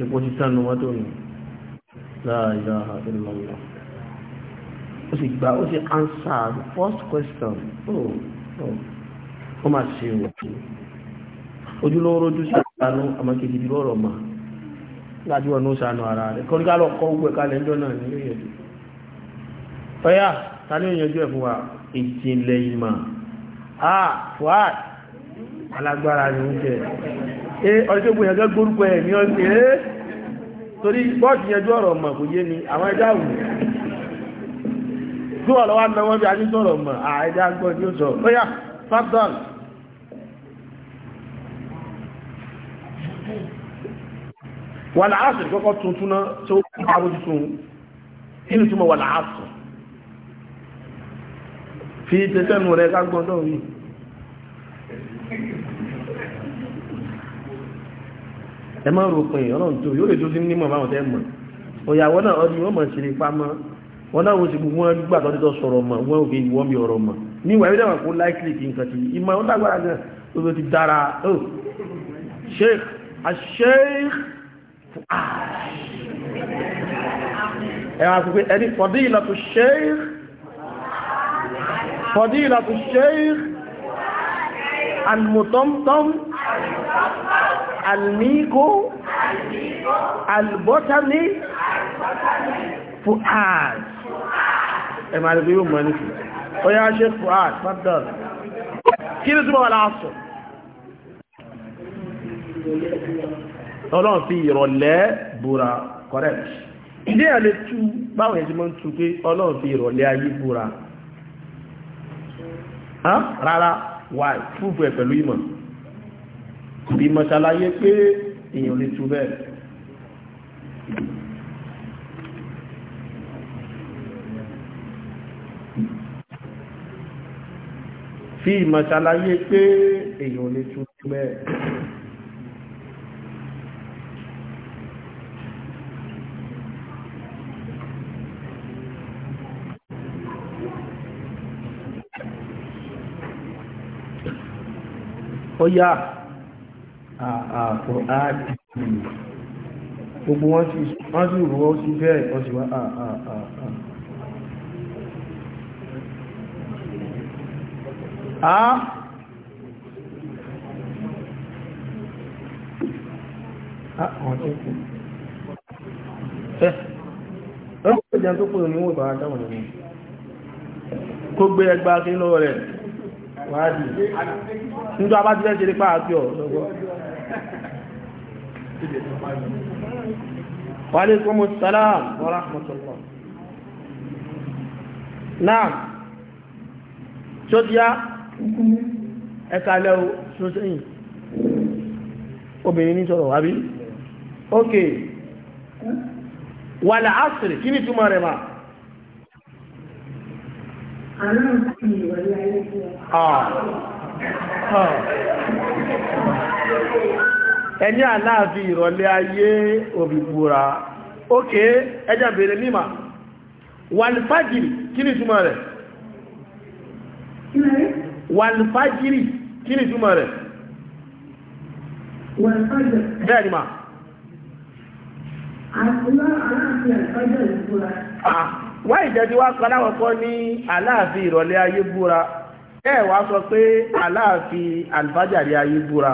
epo títà ní wọ́n tó yìn la ilaha illallah ó sì gbà ó sì answer the first question oh oh ó máa ṣe òkú ojúlówó rojú sàánú àmàkejì bí lọ́rọ̀ ma láti wọ́n ní ó sàánú ara rẹ̀ kọ́ nígbà lọ kọ́ gbẹ̀ kalẹ̀ náà ní òyìnjú ẹ̀ fún ah fuad alágbára ni ó jẹ́ ọjọ́ gbogbo ẹ̀gẹ́ gbórúkọ ẹ̀ ní ọ̀sẹ̀ ẹ́ torí bọ́ọ̀dù yẹjú ọ̀rọ̀ mọ̀ kò yé ni àwọn ẹja wù tí wọ́n lọ́wọ́ náà wọ́n bí ayé sọ̀rọ̀ mọ̀ àìdá gbọ́ ní ọ̀sọ̀ bóyá fapdon wà láàásù kọ́kọ́ tuntun náà tó àwọn tuntun inú túnmọ̀ wà láàásù fi tẹ́tẹ́nu rẹ̀ ká gbọ́dọ̀ yìí ẹ máa rò pin ọlọ́run tó yóò lè tó sí nímọ̀ báwọn tẹ́ mọ̀ òyàwó náà ọdún yóò mọ̀ sí ní pamọ́ wọn náà wọ́n sì gbogbo wọn gbà tó títọ́ sọ̀rọ̀ mọ̀ wọn ò fi wọ́n mi ọ̀rọ̀ mọ̀ ní ìwà ìdáwà kó láìkìlì kí nǹkan ti ìmọ̀ ó dágbára gan oh, sheikh asheikh ẹ wá sọ sheikh fọdí ìlàtò sheikh almigo albotani fuad ẹ máa rí yóò mọ́ ní fi ó yá ṣe fuad fadal kí ní túnbọ̀ wà láàṣọ ọlọ́run fi ìrọ̀lẹ́ búra correct ìdí ẹ̀ lè tú báwọn ẹ̀sìn mọ́ ń tú pé ọlọ́run fi ìrọ̀lẹ́ ayé búra rárá wà fúfú ẹ̀ pẹ̀lú ìmọ̀ bí mo ṣàlàyé pé èèyàn lè tú bẹ́ẹ̀ bí mo ṣàlàyé pé èèyàn lè tú bẹ́ẹ̀ ó yá àkọ́ áàdì gbogbo wọ́n sì rú ọ́ sí bẹ́ẹ̀ wọ́n sì wá àà Ọ̀pọ̀lọpọ̀ tó kúrò ní wọ́n ìbára dáwọn ìwọ̀n. Kó gbé ẹgbà kí lọ rẹ̀, wáàdì. Nígbà bá ti lẹ́ Wa alaykumus salam wa rahmatullah. Naam. Ṣọ́díá ẹ̀ka lẹ́wọ́ ṣọ́sẹ́yìn. Obìnrin ní sọ̀rọ̀ àbí? Ok. Wal asri, kí ni túmọ̀ rẹ̀ máa? Ah. Ah. ẹni àláàfin ìrọ̀lẹ́ ayé òbíbúra ókè ẹjà bèèrè mímà wàlfàjìrì kí ni túmọ̀ rẹ̀ wàlfàjìrì kí ni túmọ̀ rẹ̀ bẹ́ẹ̀ ni mà wá ìjẹ́jú wá kan láwọ̀kọ́ ní àláàfin ìrọ̀lẹ́ ayé búra ẹ wá sọ pé àláàfin àlfàjàrí ayé búra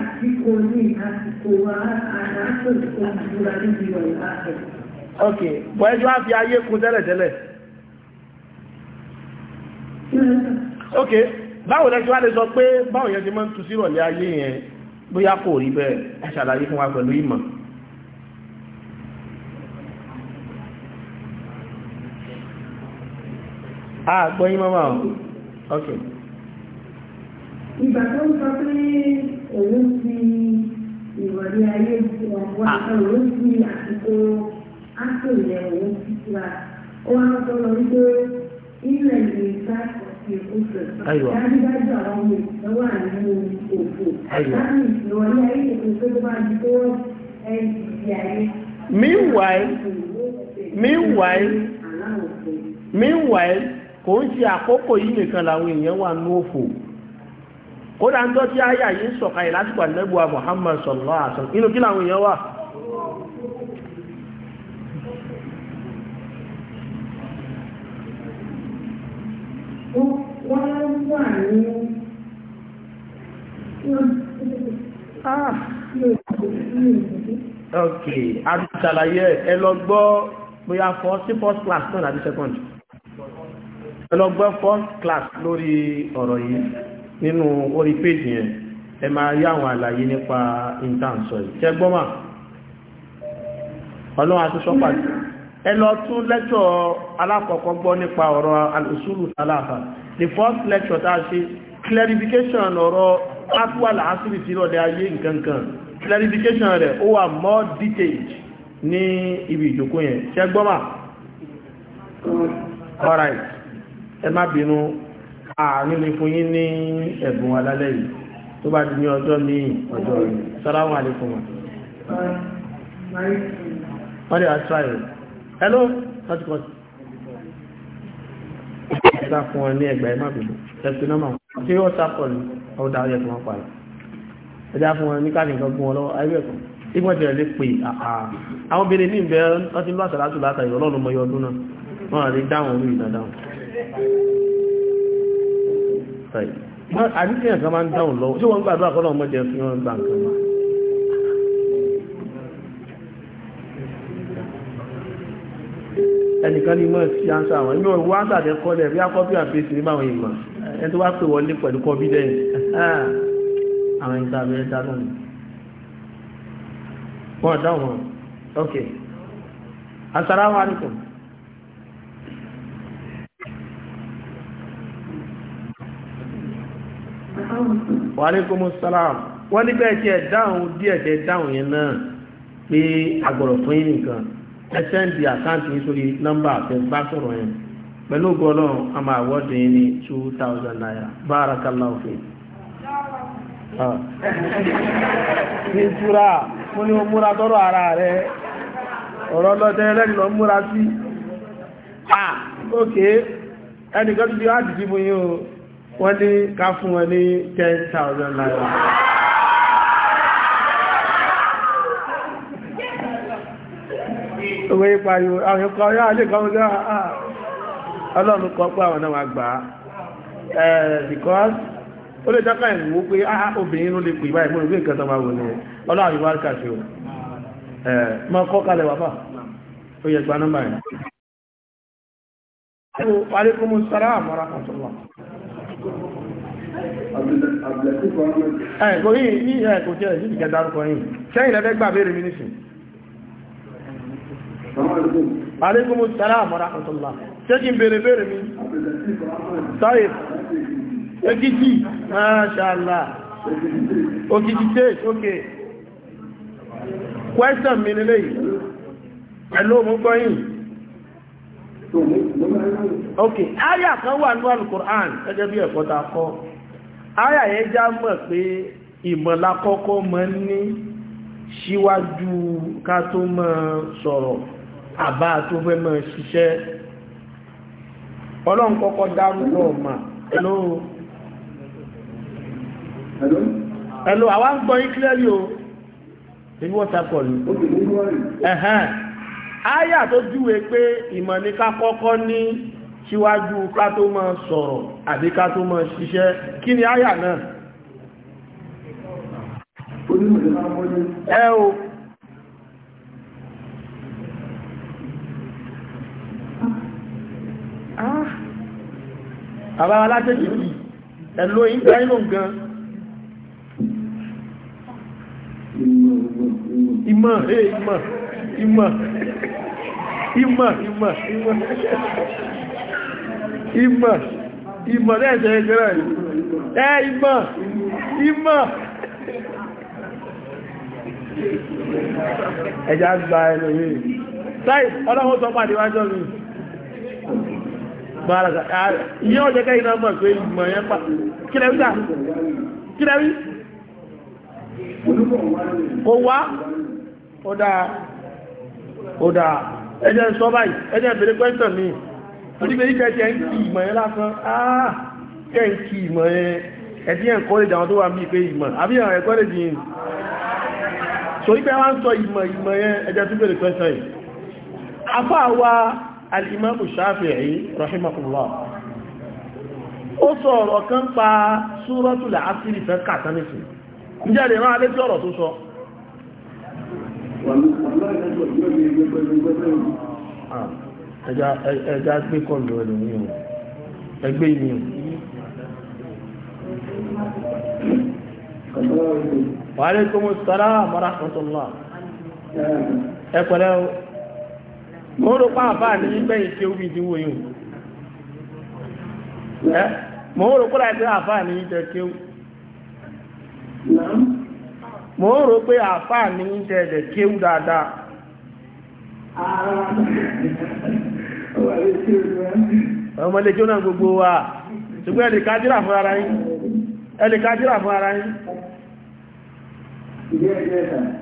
àsìkò ní àsìkò àdáṣe ìfúra níbi ọ̀la ẹ̀. ok bọ̀ ẹjọ́ á fi ayé kun tẹ́lẹ̀tẹ́lẹ̀. ok báwo lẹ́jọ́ á lè sọ pé báwo yẹn ti máa ń tu sí ìrọ̀lẹ́ ayé yẹn bóyá kò rí bẹ́ẹ̀ ẹ ṣàlàyé fún wa pẹ̀lú ìmọ̀. àgbọ̀yìn mọ́mọ́ ok. okay ìgbà tó ń sọ pé òun ti ìrọ̀lẹ́ ayé ọ̀gbọ́n àtàwọn ah. òun ti àsìkò ásòlẹ̀ òun ti tura ó wá lọ́tọ́ lọ wípé ilẹ̀ yìí ká ọ̀sẹ̀ òkè dájúdájú àwọn ọmọ ìṣẹ́ wà nínú òfò láti ìrọ̀lẹ́ ayé ètò tó bá di tó ẹ̀yìn ayé. meanwhile meanwhile meanwhile kò ń ṣe àkókò yìí nìkan làwọn èèyàn wà ní òfò. kódà ń tọ́jú ayà yìí ń sọ̀kalẹ̀ lásìkò ànẹ́bùwà Muhammad sallallahu alaihi inú kí làwọn èèyàn wà ah. ok àdìsàlàyé ẹ lọ gbọ́ bóyá first sí first class náà second ẹ lọ gbọ́ first class lórí ọ̀rọ̀ yìí nínú orí péjì yẹn ẹ máa rí àwọn àlàyé nípa intanṣọ yìí tẹgbọ́mà ọlọ́run àti sọ́pà ẹ lọ tún lẹ́tọ̀ alákọ̀ọ́kọ́ gbọ́ nípa ọ̀rọ̀ alùsùlù aláàfà the first lecture tá a ṣe clarification ọ̀rọ̀ actual asiri ti rọ̀lẹ́ ayé nkankan clarification rẹ̀ ó wà more detailed ní ibi ìjókòó yẹn ṣẹgbọ́mà all right ẹ má bínú àánú lè fún yín ní ẹ̀bùn alálẹ́ yìí tó bá di ní ọjọ́ ní ọjọ́ rẹ̀ sáláwọ̀ àlékún wọn. wọ́n lè wá tíráyè hello láti kọ́ sí. ẹ̀ka fún ọ ní ẹgbàá ẹ̀ má bìbò ẹ̀sìn nọ́mà tí ó sápọ̀ ní ọ̀dà ọ̀yẹ̀ tí wọ́n pa rẹ̀ ẹ̀dá fún ọ ní káàkiri nǹkan gún ọ lọ́wọ́ ayé ẹ̀kọ́ ìgbọ́n jẹ́ lè pè àà àwọn obìnrin ní ìbẹ̀rẹ̀ ọtí lọ́sàlátù látàrí ọlọ́run mọ́yọ ọdún náà wọ́n rí dáhùn orí ìdádáhùn àdíkìyàn kan máa ń dáhùn lọ ṣé wọ́n gbàdúrà kọ́lọ̀ ọmọ jẹ fún wọn gbà nǹkan máa ẹnìkan ní mọ́ sí ánsà àwọn inú ìwọ ánsà tẹ kọ́lẹ̀ bí akọ́bí àfẹ́sì ní báwọn ìmọ̀ ẹni tó wá pè wọlé pẹ̀lú kọ́bí dẹ́yìn àwọn ìta abẹ́rẹ́ dáná ni wọ́n dáhùn wọn ok assalamu alaikum wàhálẹ́kùnmù sálàm wọ́n ní bẹ́ẹ̀ tí ẹ dáhùn díẹ̀ tẹ dáhùn yẹn náà pé agbọ̀rọ̀ fún yín nìkan ẹ sẹ́ndì àkáǹtì yín sórí nọ́mbà tẹ bá sọ̀rọ̀ yẹn pẹ̀lú gọ́lọ́ a máa wọ́dù yín ní two thousand naira barakallahu fi. ní ìtura mo ní mo múra tọrọ ara rẹ ọ̀rọ̀ lọ́tẹ ẹlẹ́ni lọ múra sí. ah ok ẹnìkan ti di wá dìdí mo yín o. wọ́n ní ká fún wọn ní 10,000 naira owó àwọn ah, ah. ọlọ́run pé àwọn náà eh, because ó lè dákà ìwò pé á ah, obìnrin ló lè ẹ̀kọ́ yìí ní ẹ̀kọ́ tí ẹ̀yí ìjẹ dárúkọ yìí sẹ́yìn lẹ́fẹ́ gbà bèèrè mi nìsìn alékùnmù sára àmọ́ra ọ̀tọ́lá ṣé kí n bèèrè bèèrè mi sọ́yì ekiti maṣàlá okiti ok ókè kwẹ́sàn mi nílé yìí pẹ̀lú yìí ókè áyà kan wà ní Al-Qur'an bí kọ́ àyà yẹn já mọ̀ pé ìmọ̀lá kọ́kọ́ mọ́ ní síwájú ká tó mọ́ sọ̀rọ̀ àbá tó fẹ́ mọ́ ṣiṣẹ́ ọlọ́run kọ́kọ́ dárúkọ ọ̀mà hello hello àwa ń gbọ́ ìkílẹ̀rì o èyí wọ́n takọ̀ ní ẹ̀hẹ́n àyà tó júwe pé ìmọ̀ ní ká kọ́kọ́ ní síwájú ká tó mọ́ sọ̀rọ̀ àbí ká tó mọ́ ṣiṣẹ́ kí ni áyà náà ẹ o ah. àbára látẹ́kìtì ẹ̀lò ìgbẹ́lò gan ìmọ̀ ìmọ̀ ìmọ̀ ìmọ̀ ìmọ̀ ìmọ̀ ìmọ̀ ìmọ̀ lẹ́ẹ̀ṣẹ̀ ẹgbẹ̀rẹ̀ ẹ̀ ìmọ̀ ìmọ̀ ẹja gba ẹnu yìí sáì ọlọ́run sọ pàdé wájọ́ mi ìyẹ́ ọjẹ́kẹ́ iná mọ̀ pé ìmọ̀ yẹn pa kílẹ̀rí dà kílẹ̀rí kò wá ó dáa ó dáa ẹjẹ́ sọ báyìí ẹjẹ́ ìbẹ̀rẹ̀ pẹ́ntàn míì torí pé ìfẹ́ ń kí ìmọ̀ yẹn lásán áà ah, kẹ́ ìmọ̀ yẹn ẹ̀dí ẹ̀ ń kọ́lẹ̀dì àwọn tó wà ní ìpé ìmọ̀ àbí àwọn ẹ̀ kọ́lẹ̀dì yìí so wá ń sọ ìmọ̀ ìmọ̀ yẹn ẹjẹ́ tó bèèrè pẹ́sẹ̀ yìí afá wa al-Imam Shafi'i rahimahullah ó sọ ọ̀rọ̀ kan pa ẹja gbé kọlù ẹlòmí o ẹgbẹ́ o wàhálà ìkọmọ sọ́rọ̀ àmọ́ra ọ̀tọ̀lá ẹ̀pẹ̀lẹ́ o mo rò pa àbá ní gbẹ̀yìn tí ìdíwò yìí o mo rò ní kí mo pé ní jẹ ọmọ ilé jóná gbogbo wa ṣùgbọ́n ẹlẹ́ka jíra fún ara yín ẹlẹ́ka jíra fún ara yín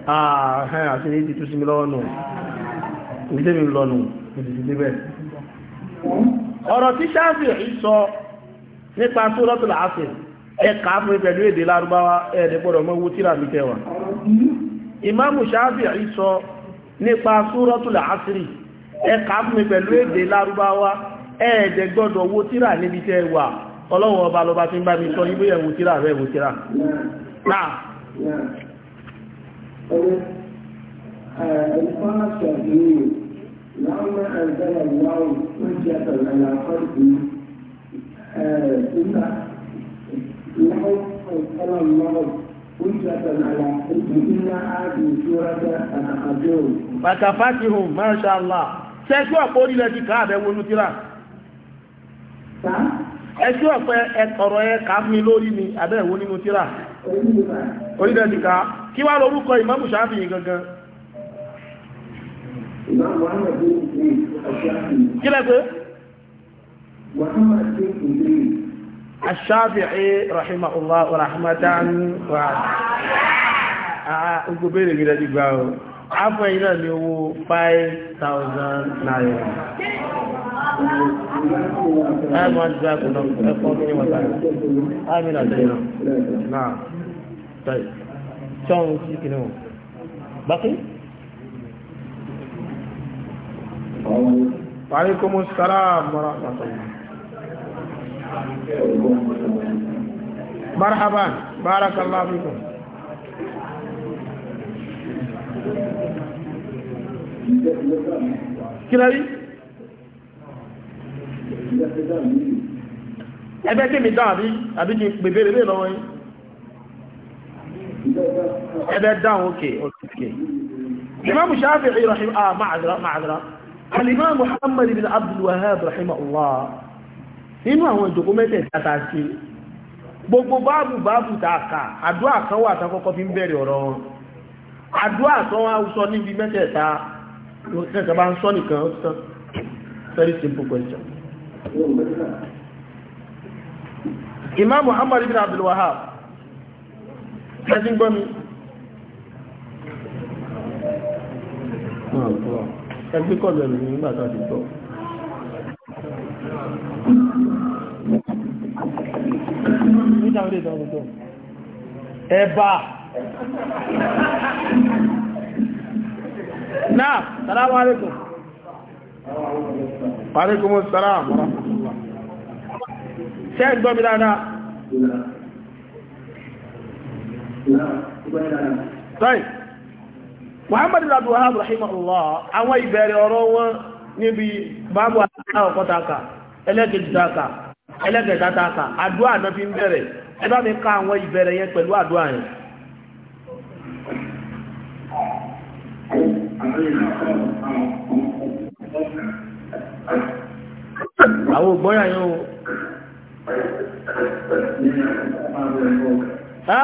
ààrẹ ah, àti ní títú sí mi lọ́wọ́ nù mi ọ̀rọ̀ tí sáàfì sọ nípa tó lọ́tọ̀ ẹ ẹ̀ka fún pẹ̀lú èdè lárúbáwá ẹ̀ẹ́dẹ̀ gbọ́dọ̀ mọ́ owó tíra mi ìmáàmù sáàfì sọ nípa súrọ́tù ẹka mú pẹ̀lú èdè lárúbáwá ẹ̀ẹ̀dẹ̀ gbọ́dọ̀ wo tíra níbi tẹ́ wà ọlọ́run ọba lọba tí ń bá mi sọ ibú ẹ̀wò tíra rẹ̀ ẹ̀wò tíra náà لما أنزل الله ṣẹ́ṣú ọ̀pọ̀ orílẹ̀ ti káà bẹ̀ wọnú tíra ẹṣú ọ̀pẹ ọ̀rọ̀ ẹ kà mí lórí ni abẹ́ ìwọ nínú tíra orílẹ̀ ti ká kí wá lórúkọ ìmáàmù Ṣáfi'í gangan kí lẹ́gbẹ́ aṣ wa ah, gbogbo èrè gídẹ́jú gbá o afẹ́ iná ni owó 5,000 naira ẹmọ jẹ́ ẹkùnlọ ẹkùn ní wọ́ta àmìnà tẹ́yìnà náà tẹ́yì ṣọ́n sí kìnnì wọn bákí parí kó mú sára mọ́ra pàtàkì marhaban barakallahu fikum kí lẹ́rí ẹgbẹ́ kí mi dáàbí àbí kí lè lọ́wọ́ yìí ẹgbẹ́ òkè òkè Imam ah, Muhammad ibn Abdul Wahhab rahimahullah nínú àwọn ìjòkó mẹ́tẹ̀ẹ̀ta ṣe gbogbo báàbù báàbù ta kà kan wà tá fi ń bẹ̀rẹ̀ ọ̀rọ̀ wọn àdúrà tó wá sọ níbi mẹ́tẹ̀ẹ̀ta lóṣẹ̀ṣẹ̀ bá ń sọ nìkan ó tán very simple question imam muhammad ibn abdul wahab ẹ̀sìn gbọ́ mi ẹgbẹ́ kọlu ẹ̀rù nígbà tó àti gbọ́ ẹ̀bà na salamu alaikum alaikum salam ṣe gbọ́ mi dáadáa tọ́ì Muhammad ibn Wahhab rahimahullah àwọn ìbẹ̀rẹ̀ ọ̀rọ̀ wọn níbi bábú àkọ́taka ẹlẹ́gẹ̀ẹ́taka ẹlẹ́gẹ̀ẹ́taka àdúà náà fi ń bẹ̀rẹ̀ ẹbá mi ká àwọn ya yẹn pẹ̀lú àdúà àwọn ògbọ́nà yóò ha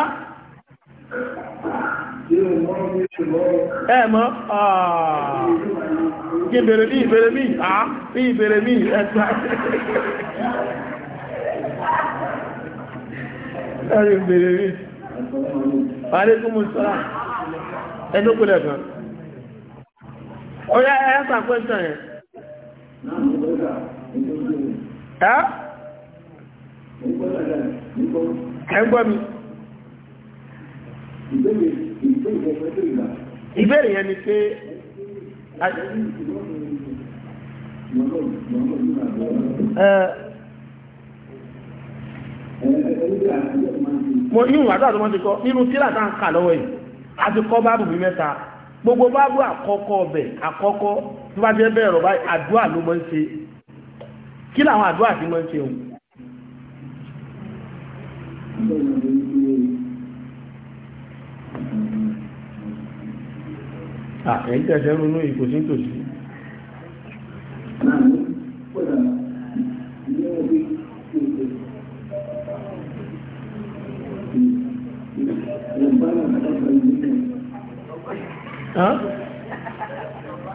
ẹ mọ́ kí bèèrè mí ìbèèrè mí à ní ìbèèrè mí ẹgbà ẹ̀rì ìbèèrè mí wà ní kúmù sọ́rọ̀ ẹ̀dọ́kùnlẹ̀ kan Ọ̀yá ẹ ẹ́sà pẹ́sàn ẹgbọ́ mi. Ìbéèrè yẹn ni pé mo yíò àdáàdọ́mọ́ ti kọ́ nínú tíra tá ń kà lọ́wọ́ yìí a ti kọ́ báàbù mẹ́ta gbogbo báàbù àkọ́kọ́ ọbẹ̀ àkọ́kọ́ tó bá jẹ́ bẹ́ẹ̀ rọ̀bá àdúà ló mọ́ ń ṣe kí làwọn àdúà tí mọ́ ń ṣe òun àkẹ́kẹ́ ṣẹ́rún ní ìkòsí tòsí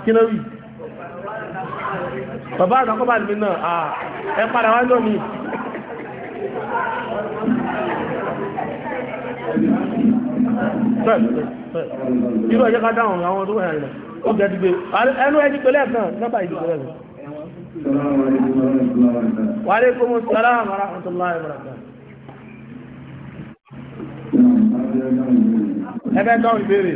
kí ló rí bàbá àtàkọ́bà lè náà ẹ padà wá jọ mi irú ẹjẹ́ ká dáhùn àwọn ọdún wẹ̀yà ìlẹ̀ ó gẹ́ ti gbé ẹnu ẹni pẹ̀lẹ́ kan nọ́bà ìdí pẹ̀lẹ́ kan wà lè kó mú sọ́lá àmàrà ọ̀tọ̀lá ẹ̀mọ̀rà ẹgbẹ́ dáhùn ìbéèrè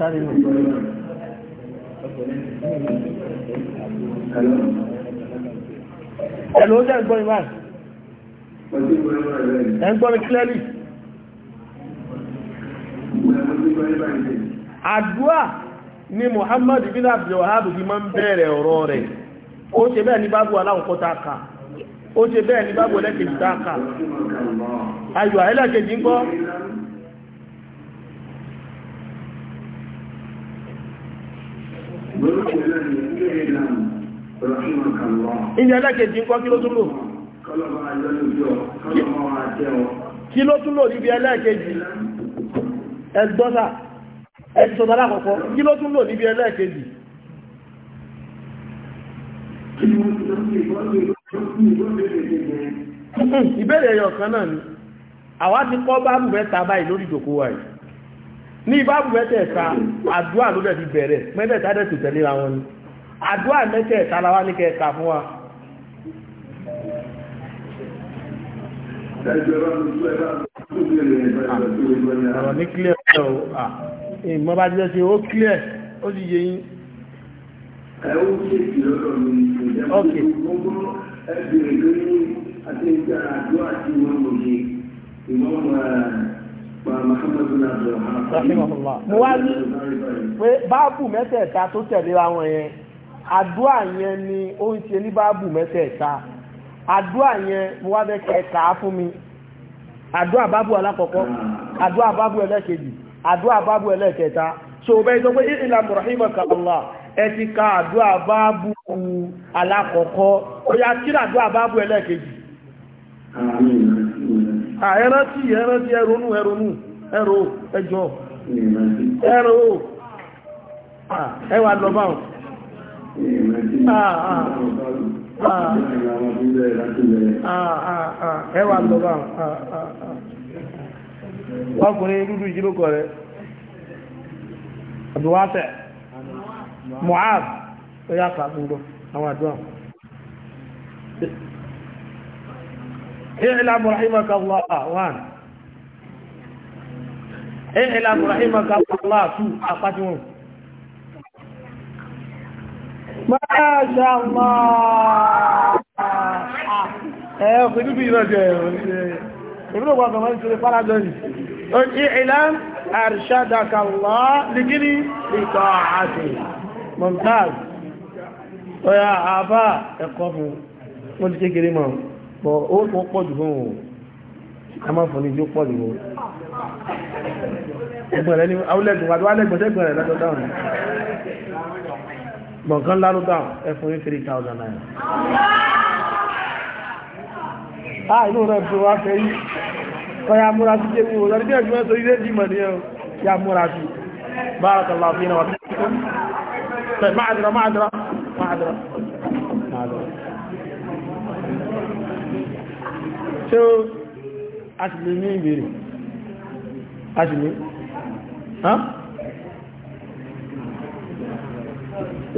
sáré nù. ẹ̀lú ó jẹ́ ẹ̀gbọ́n ni Muhammad bin Abdulwahab fi máa ń bẹ̀rẹ̀ ọ̀rọ̀ rẹ̀ ó ṣe bẹ́ẹ̀ ní bábú aláwọ̀kọ́ta kà ó ṣe bẹ́ẹ̀ ní bábú ẹlẹ́kejì tá kà ayò ìyẹn ẹlẹ́kẹ̀ẹ́jì ń kọ́ kí ló tún lò kí ló tún lò níbi ẹlẹ́kẹ̀ẹ́jì ẹgbọ́sà ẹ̀sọ̀tà lákọ̀ọ́kọ́ kí ló tún lò níbi ẹlẹ́kẹ̀ẹ́jì ìbéèrè ẹ̀yọ̀ kan náà ni àwa ti kọ́ bá mẹ́ta báyìí lórí ìjòkó wa ní ìbáàbù mẹ́tẹ̀ẹ̀ta àdúrà ló dẹ̀ fi bẹ̀rẹ̀ mẹ́tẹ̀ẹ̀ta dẹ̀ tò tẹ̀léra wọn ni àdúrà mẹ́tẹ̀ẹ̀ta la wá ní kẹta fún wa ọ̀rọ̀ ní clear ẹ̀ o à ìmọ̀ bá jẹ́ ṣe ó clear ó sì yé yín ok mo wá ní pé báàbù mẹ́tẹ̀ẹ̀ta tó tẹ̀léra wọn yẹn àdúà yẹn ni ó ń ṣe ní báàbù mẹ́tẹ̀ẹ̀ta àdúà yẹn mo wá fẹ́ kẹta fún mi àdúà báàbù alákọ̀ọ́kọ́ àdúà báàbù ẹlẹ́kejì àdúà báàbù ẹlẹ́kẹta so bẹ́ẹ̀ tó pé ìlà mùràhìmọ̀ kàlá ẹ ti ka àdúà báàbù alákọ̀ọ́kọ́ ó yá kí àdúà báàbù ẹlẹ́kejì. àẹ́rántí ẹ̀rántí ẹ̀rọnú ẹ̀rọnú ẹ̀rọ ẹjọ́ ẹ̀rọ ẹwà lọ́bá ẹwà ọkùnrin dúdú ìjílókọ̀ rẹ̀ àbúwáfẹ́ Moab ẹ̀yà pàtàkì àwọn اعلم رحمك الله وان اعلم رحمك الله تو اقاتهم ما شاء الله ẹ ọkùnrin dúdú yìí náà jẹ ìrìnà ọgbà kan máa ń ṣe fárájọ yìí ìlàm àrṣádàkàlá lìgírí ìtọ́ àti mọ̀mtáàz ọ̀yà àbá ẹ̀kọ́ fún wọ́n ti kékeré mọ́ bọ̀ owó tó pọ̀ jù fún òun a máa fún ní tí ó pọ̀ jù fún ẹgbẹ́ rẹ ní awúlẹ́gbọ̀n àti wálẹ́gbọ̀nsẹ́gbọ̀n rẹ lọ́dọ̀ dáhùn bọ̀ǹkan láró dáhùn ẹ fún ní three thousand naira. a inú rẹ̀ fi wá fẹ́ yí ọya múra sí jẹ́ ìwòsàn ní ẹ̀jú mẹ́sọ ilé ìdímọ̀ ní ẹ̀rọ ya múra sí bára tọ̀lá fi náà wà tí ó a sì lè ní ìbéèrè a sì lè ha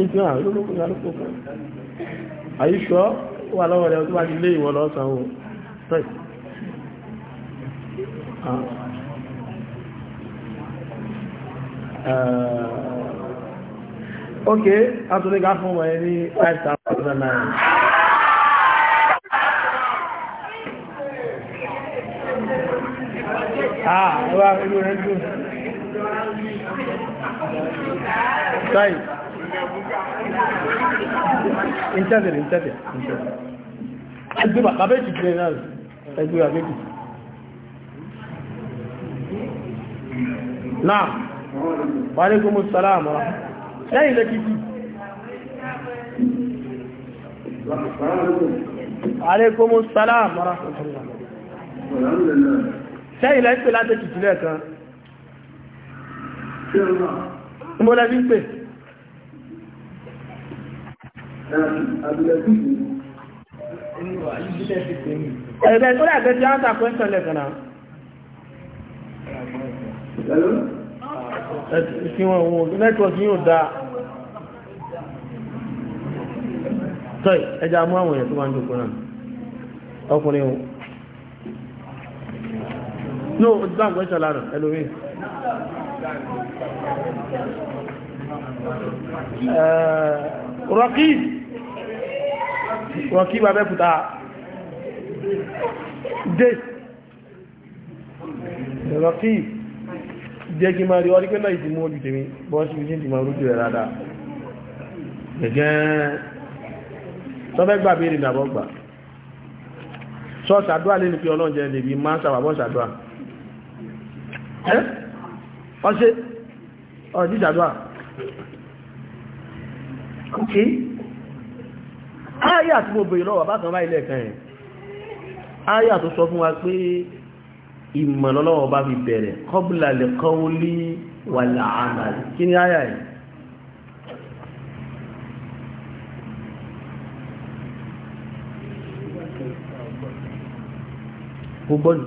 ìtì àwọn olóògùn alókò kan àyíṣọ́ wà lọ́wọ́ rẹ̀ tó wà nílé ìwọ̀n lọ́sàn ohun tọ́ì ok a tó lè ká fún ọmọ 5,000 naira àwà inú rẹ̀ dùn sáì ìntẹ́sẹ̀ ìntẹ́sẹ̀ ẹgbẹ́ bàbá ìtìkì náà ẹgbẹ́ àgbẹ́kì náà wà ní gúnmù sàlámù lẹ́yìn lẹ́kìtì عليكم السلام ورحمة الله sẹ́yìn lẹ́yìn pè láti kìtì lẹ́ẹ̀kan mo lẹ́bí pè ẹ̀rẹ̀ tó lẹ́gbẹ̀ẹ́ tí a ń tàkọ́ ẹ̀sọ̀ lẹ́ẹ̀kan náà ẹ̀sìn wọn òun nẹ́tíwọ̀sí yóò dáa tọ́ ẹja mú àwọn èèyàn tó máa ń jókòó náà ọkùnrin ohun no o ti dáhùn question lára ẹlòmí rọ̀kí rọ̀kí bàbẹ́ kùtà jẹ́ rọ̀kí jẹ́ kí máa rí ọdí pé náà ìdí mú ojú tèmi bọ́ọ̀sí ìdí ìdí máa rújú rẹ̀ rádá gẹ̀gẹ́ sọ́fẹ́gbà bèèrè nàbọ́gbà sọ́ọ̀sàdúà lè ní pé ọlọ́njẹ́ lè bí máa sàwàbọ́ sàdúà ẹ́ wọ́n ṣe ok ayà tí mo bèèrè lọ́wọ́ bákan bá ilẹ̀ kan ẹ̀ ayà tó sọ fún wa pé ìmọ̀lọ́lọ́wọ́ bá fi bẹ̀rẹ̀ kọbùlà lè kọwó lé wà láàmà kí ni ayà ẹ̀ gbogbo ni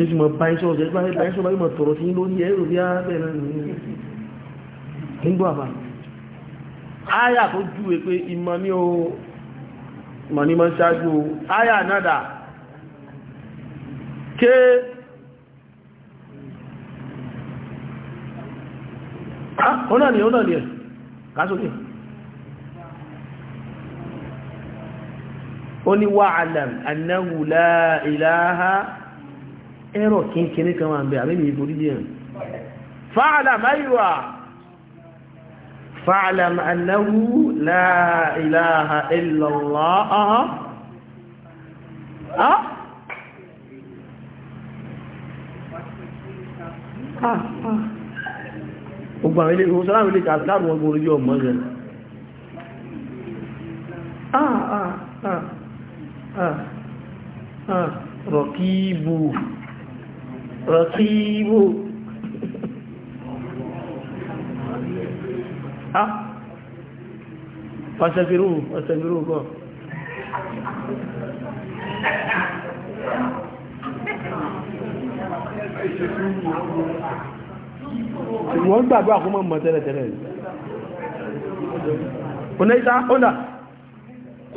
èsì mọ̀ báyìí sọ́rọ̀ jẹ́ báyìí báyìí sọ́rọ̀ mọ̀ tọ̀rọ̀ sí lórí ẹ̀rọ bí ábẹ̀rẹ̀ nígbò àbá áyà tó júwe pé ìmọ̀ ní o mọ̀ ní mọ́ ṣáájú o áyà ké ọ̀nà ni ọ̀nà ni ẹ̀ ẹ̀rọ kínkínní kan wà ń bẹ àbẹ́ni ìborí díẹ̀ fa'alam aywa fa'alam annahu la ilaha illallah ah. ah ah gbogbo àwọn ilé ìwòsàn àwọn ilé ìkàtàrù wọn gbogbo orí ọmọ rẹ̀ ah ah ah ah ah rọ̀kí ibù rọ̀kíbù ọ̀sẹ̀fìrú ọ̀sẹ̀fìrú kọ́ wọ́n gbàgbà àkúmọ̀ mọ̀ tẹ́lẹ̀tẹ́lẹ̀ oníṣà ọ́nà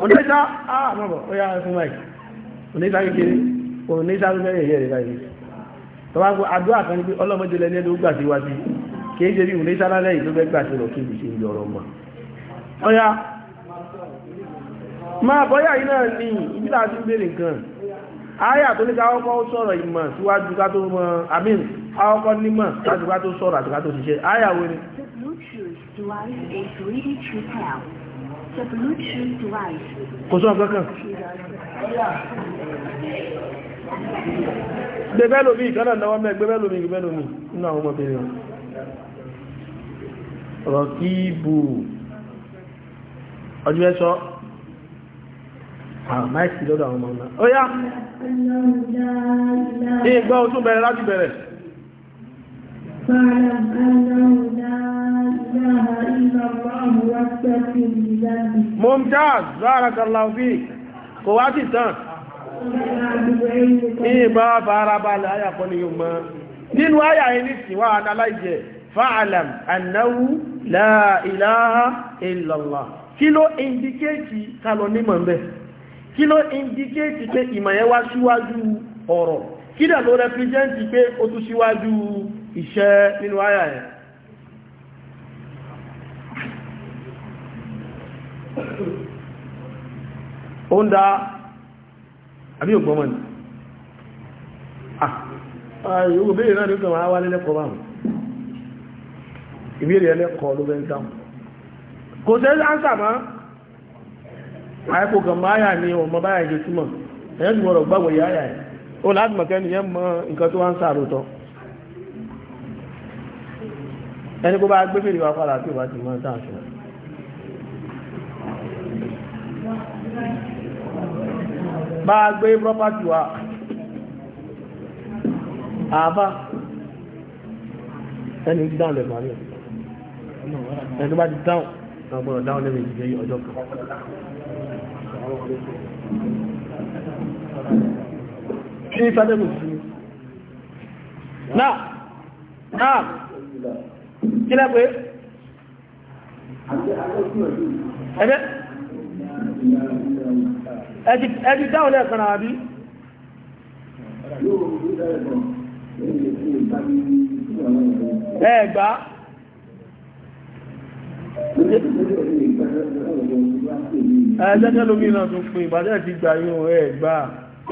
oníṣà ààrùn ọ̀yá fún mike oníṣà kékeré oníṣà tó fẹ́ rẹ̀ báyìí tọ́wá gbọ́ àdúrà kan ní ọlọ́mọdé lẹ́ni ẹni ó gbà síwájú kìí ṣe bí ìwúlé sára lẹ́yìn tó fẹ́ gbà sí lọ kí ìlú ṣe yọrọ mọ́ ọ̀yá máa bọ́yá yìí náà ní ibi láti ń nǹkan àyà tó ní ká ọkọ̀ sọ̀rọ̀ ìmọ̀ síwájú ká tó mọ àmín ọkọ̀ nímọ̀ láti ká tó sọ̀rọ̀ àti ká tó ṣiṣẹ́ àyà wo ni. The Bluetooth device is ready to The Bluetooth device. kò sọ nǹkan gbẹ̀bẹ́lómi ìkánà náwọ́ mẹ́ gbẹ̀bẹ́lómi gbẹ̀bẹ́lómi nínú àwọn ọmọbìnrin rọ̀kíbù ọjọ́ ẹ̀ṣọ́ àmáìsì lọ́dọ̀ àwọn ọmọ náà ó yá ìgbà ọdún bẹ̀rẹ̀ láti bẹ̀rẹ̀ mọ́mtáz bárakàláwí kò wá sí tán ní ìbá farabalẹ̀ ayàkọ́ ni yóò mọ́ nínú ayà ẹni tí wà analyze fa'alam annahu la ilaha illallah kí ló indicate kalọ nímọ̀ bẹ́ kí ló indicate pé ìmọ̀yẹ́ wá síwájú ọ̀rọ̀ kí dà ló represent pé ó tún síwájú iṣẹ́ nínú ayà ẹ̀ ó ń dáa àbí ògbọ́mọ̀ ni ah, ah, ìwò bèèrè náà ní ọkọ̀ wọn wá lẹ́lẹ́kọ̀ọ́ bá wọn ìbéèrè ẹlẹ́kọ̀ọ́ ló bẹ́ ń dáhùn kò sẹ́ ánsà mọ́ àìkò kan báyà ni ọmọ báyà ṣe túmọ̀ ẹ̀yẹ́ tí wọ́n gbàgbọ́ yá yà ẹ̀ ó láti mọ̀ kẹ́ni yẹn mọ nǹkan tó ánsà ló tọ́ ẹni kó bá gbé fèrè wá padà tí ò bá ti mọ́ bá gbé property wa àbá ẹni tí dáhùn lẹ́nu àríyàn ẹni bá ti dáhùn ọgbọ̀nà dáhùn lẹ́nu ìjẹ́ ọjọ́ kan kí ní sáré mú sí náà náà kí lẹ́pẹ́ ẹgbẹ́ ẹ̀dì dáwọn lẹ́ẹ̀kan àbí ẹgbà ẹ̀ẹ́dẹ́gẹ́ lómi náà tó pè ìbájẹ́ ti gbà yóò ẹgbà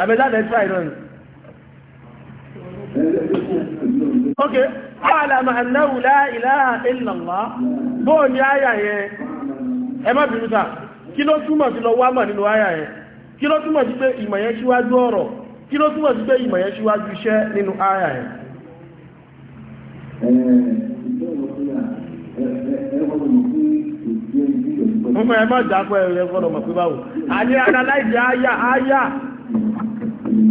àbẹ́jáde try náà ok alama annahu la ilaha illallah bóò ní àyà yẹn ẹ má bìrúta kí ló túmọ̀ sí lọ wá nínú àyà yẹn kí ló túmọ̀ sí pé ìmọ̀ yẹn ṣíwájú ọ̀rọ̀ kí ló túmọ̀ sí pé ìmọ̀ yẹn ṣíwájú iṣẹ́ nínú ara ẹ̀ mo fẹ́ mọ́ jápọ̀ ẹ̀rọ ẹ̀fọ́dọ̀ mọ̀ pé báwo a ní ara láìjẹ́ áyà áyà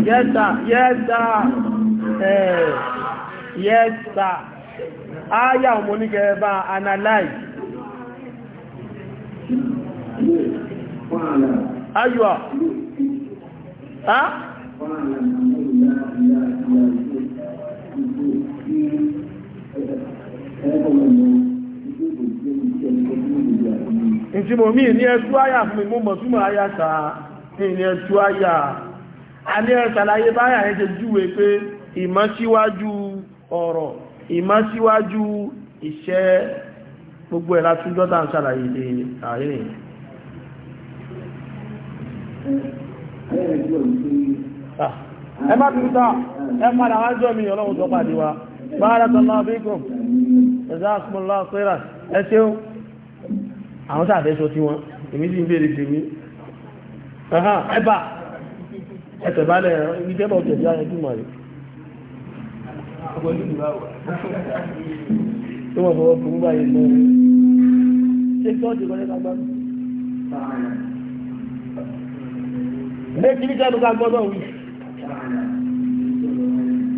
yẹ́sà yẹ́sà eh, yẹ́sà áyà ọmọ oníkẹ́ bá analyze ayọ̀ á ìtìmọ̀ mí ní ẹ̀tú àyà fún mi mú mọ̀ túnmọ̀ àyà tàà ní ní ẹ̀tú àyà a ní ẹ̀sàlàyé báyà ẹ̀ ṣe júwe pé ìmọ̀síwájú ọ̀rọ̀ ìmọ̀síwájú iṣẹ́ gbogbo ẹ̀ látúndọ́ta ń ṣàlàyé àárín Ah, ẹ má bínú sáà ẹ padà wá jọ mi ọlọ́run tó pàdé wa bárakàlá bíkùn ẹ̀záàkùnlá pẹ́rà ẹ ṣeun àwọn sáàfẹ́ sọ tí wọn èmi sì ń bèèrè tèmi ẹbà ẹ̀tẹ̀bálẹ̀ ìjẹ́bọ̀ tẹ̀sí ayẹjú mọ̀ rí tí wọ́n fọwọ́ fún gbáyé mọ́ ṣe kí ọ́ ti kọ́ méjì ní kẹ́nu ká gbọ́dọ̀ wí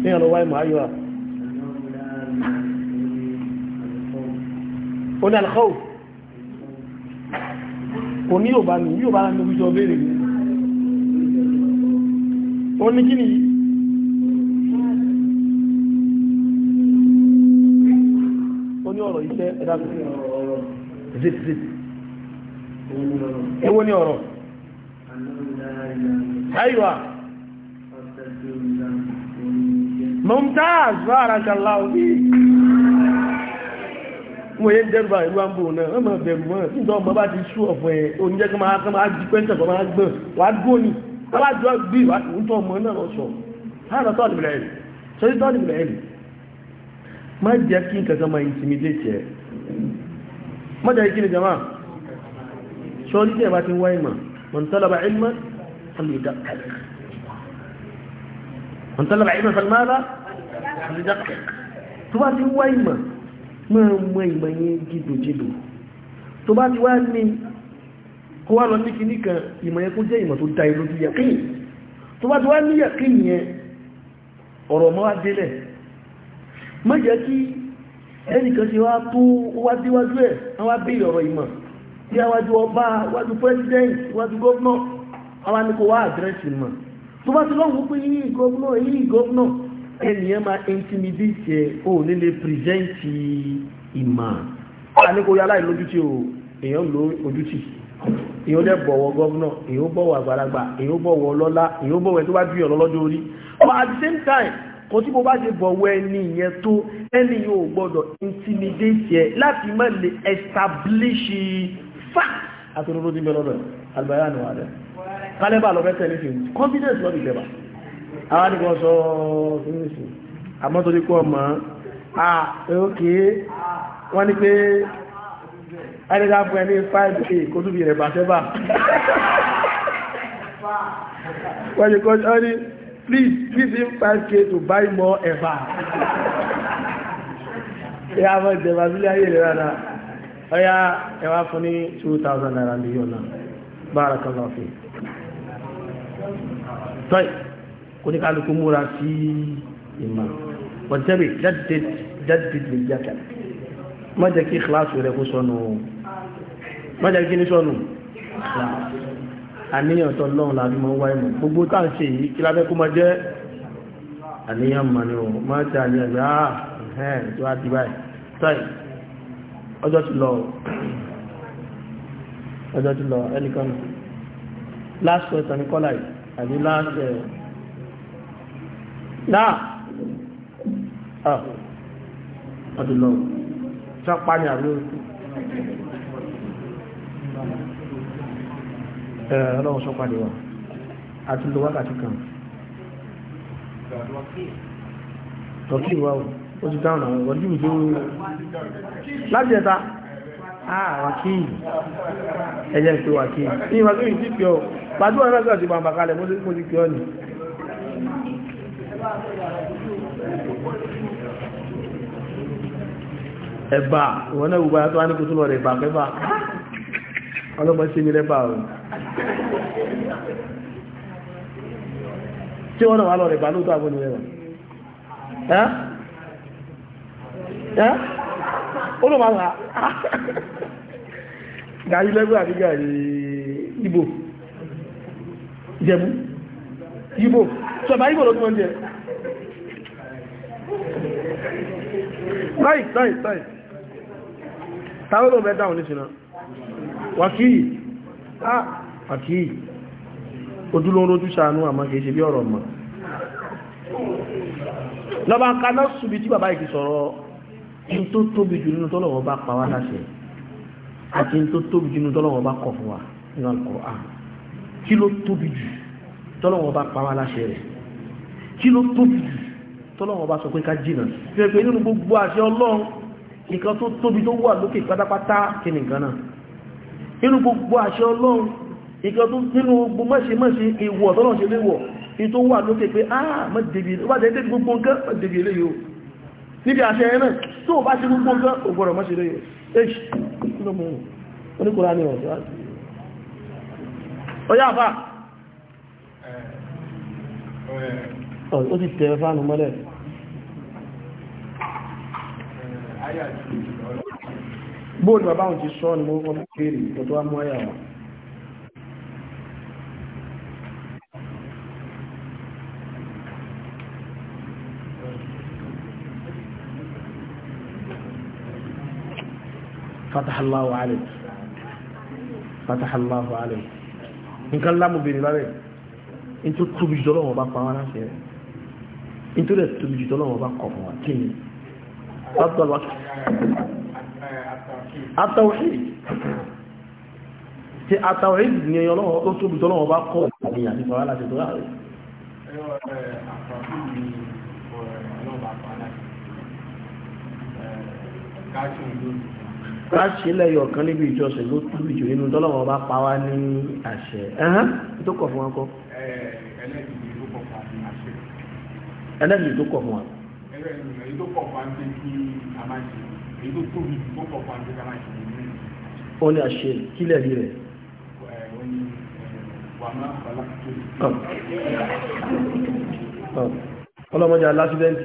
ní ọlọ́wọ́ ìmọ̀ ayọ́ ó ní alkhawf kò ní yóò bá ní yóò bá ní wíjọ béèrè ní ó ní kí ni ó ní ọ̀rọ̀ iṣẹ́ ẹ̀dá ẹ̀wọ́ ní ọ̀rọ̀ أيوة ممتاز بارك الله فيك mo yẹ ń dẹ́rù báyìí wá ń bò náà ọmọ bẹ̀rù mọ́ nígbà ọmọ bá ti sú ọ̀fọ̀ ẹ̀ oúnjẹ kan máa kan máa jí pẹ́ńtẹ̀ kan máa gbọ̀n wàá dúró ni bàbá jọ gbé wàá tó ń tọ́ ọmọ náà lọ sọ láàrín tọ́ọ̀lù rẹ̀ rí sọ́jú tọ́ọ̀lù rẹ̀ rí má jẹ́ kí nǹkan kan máa intimidate ẹ̀ má jẹ́ kí ni jama sọ́jú tẹ̀ bá فليدقق من طلب علما فلماذا فليدقق tó bá ti wá ìmọ̀ máa mọ ìmọ̀ yẹn jìdòjìdò tó bá ti wá ní kó wá lọ ní kìíní kan ìmọ̀ yẹn kó jẹ́ ìmọ̀ tó dá ìlójú yẹ̀kín tó bá ti wá ní yẹ̀kín yẹn ọ̀rọ̀ mọ́ wá délẹ̀ jẹ́ kí ẹnìkan ṣe wá tó wá díwájú ẹ̀ wá bí ọ̀rọ̀ ìmọ̀ bí awájú ọba wájú pẹ́sidẹ́ntì wájú gọ́ọ̀nà àwa ní kó wá àdírẹ́sì mọ̀ tó bá ti lọ́hùn pé yìí gọ́vnà yìí gọ́vnà ẹnìyẹn máa intimidate ẹ̀ ó nílé pírẹ́ǹtì ìmọ̀ àwa ní kó yá láì lójútì o èèyàn ló ojútì èèyàn dẹ̀ bọ̀wọ̀ gọ́vnà èèyàn bọ̀wọ̀ àgbàlagbà èèyàn bọ̀wọ̀ ọlọ́lá èèyàn bọ̀wọ̀ but at the same time kò tí mo bá ṣe bọ̀wọ̀ ẹni yẹn tó ẹni yóò gbọ́dọ̀ intimidate ẹ láti má lè establish fact àti olódó ti bẹ̀rẹ̀ lọ́dọ̀ kálẹ́bà lọ fẹ́ẹ́ tẹ̀lé fìwé confidence lọ́dún ìjẹba àwọn nìkan sọ fínísì àmọ́ torí kọ́ ọmọ à ókè wọ́n ní pé ẹnìkan fún ẹ ní five k kó tóbi rẹ̀ bá sẹ́bà wọ́n ní kọ́ ọ please give him five k to buy more ever. They have a sílé here, rẹ̀ rárá ọ̀yá ẹ̀wà fún ní two thousand naira million. yọ̀ náà bára tọ́ì kò ní kálukú múra sí ìmọ̀ wọ́ntẹ́bì jẹ́dìdì lè jẹ́kẹ̀ má jẹ́ kí kíláàsì rẹ̀ kó sọnù má jẹ́ kí ní sọnù àníyàn tọ́ lọ́run láti mọ́ wáyé mọ̀ gbogbo tá ṣe yìí kí lábẹ́ kó máa jẹ́ àníyàn mọ̀ ni ó máa jẹ́ àníyàn gbé ah ẹ̀hẹ́n tó á di báyìí tọ́ì ọjọ́ ti lọ ọjọ́ ti lọ ẹnìkan last question ní kọ́lá yìí àbí láti ẹ̀ náà ọdúnlọ sápá ní àmì òkú ọlọ́run sọ padì wà àti lọ wákàtí kan tọ́kí wà ó ti dáhùn àwọn ọdún ìjọ láti ẹ̀ta àà wákìí ẹ̀yẹ́ ìpé wákìí ní wákìí sí pẹ́ ọ̀ gbàdúrà náà gbàdúrà ti bàbà kalẹ̀ mo ti kí ọ ni. ẹ̀bà ìwọ̀n náà gbogbo ayatọ́ ánìkú tó lọ rẹ̀ ìbàkẹ́bà ọlọ́pàá sí mi lẹ́bà rẹ̀ tí wọ́n náà wà lọ rẹ̀ bà lóòtọ́ àbúrò rẹ̀ wà ẹ́ olùmọ̀lá gàrí lẹ́gbẹ̀ẹ́ àti gàrí ìbò ìjẹ̀bú yíbò ṣọ̀bá yíbò ló tún jẹ́ right right right tàwọn ló mẹ́ta òní ṣìnà wàkíyì ah wàkíyì ojúlórójú sàánú àmá kìí ṣe bí ọ̀rọ̀ mọ̀ lọ́bàá kaná ṣùgbí tí bàbá ìkì sọ̀rọ̀ in tó tóbi jù nínú tọ́lọ̀wọ́ bá pa wá láṣẹ àti in tó tóbi jù nínú tọ́lọ̀wọ́ bá kọ̀ fún wa nínú Al-Qur'an kí ló tóbi jù tọ́lọ́wọ́ bá pa wá láṣẹ rẹ̀ kí ló tóbi jù tọ́lọ́wọ́ bá sọ pé ká jìnà pẹ̀pẹ̀ nínú gbogbo àṣẹ ọlọ́run nǹkan tó tóbi tó wà lókè pátápátá kí nìkan náà nínú gbogbo àṣẹ ọlọ́run nǹkan tó nínú gbogbo mọ́ṣemọ́ṣe ìwọ̀ tọ́lọ́run ṣe léwọ̀ ní tó wà lókè pé ah mọ́ débi wà débi gbogbo nǹkan mọ́ débi eléyìí o níbi àṣẹ ẹ̀ náà tó bá ṣe gbogbo nǹkan ògbọ̀rọ̀ mọ́ṣe léyìí o ọyá àfà ó ti tẹ̀rẹ fánù mọ́lẹ̀ bóòlù bàbá òun ti sọ ni mo kọ́ bèèrè ìtọ́tọ́ mú ẹ̀yà wọn فتح الله عليك فتح الله عليك nǹkan lámùbìnrin lábẹ́ in tó tóbi jù tọ́lọ́wọ́ bá pa wọn láṣẹ rẹ̀ in tó dẹ̀ tóbi jù tọ́lọ́wọ́ bá kọ̀ fún wa kí ni àtàwọ̀hìd tí àtàwọ̀hìd ní ẹyọ lọ́wọ́ tó tóbi tọ́lọ́wọ́ bá kọ̀ àgbìyàn àti sọ̀rọ̀ láti tó láàrẹ̀ Káàkiri lónìí láti lẹ́yọ̀ kan níbi ìjọsìn ló tú ìjò nínú tọ́lọ́wọ́ bá pa wá ní àṣẹ ẹ̀hán tó kọ̀ fún wọn kọ́. ẹlẹ́yìn tó kọ̀ fún wa. ẹlẹ́yìn tó kọ̀ fún wa ń pè kí a máa ṣe èyí tó tóbi tó kọ̀ fún wa ń pè kí a máa ṣe èyí. ó ní àṣẹ kílẹ̀ rí rẹ̀. ọlọ́mọdé alásídẹ́ǹtì.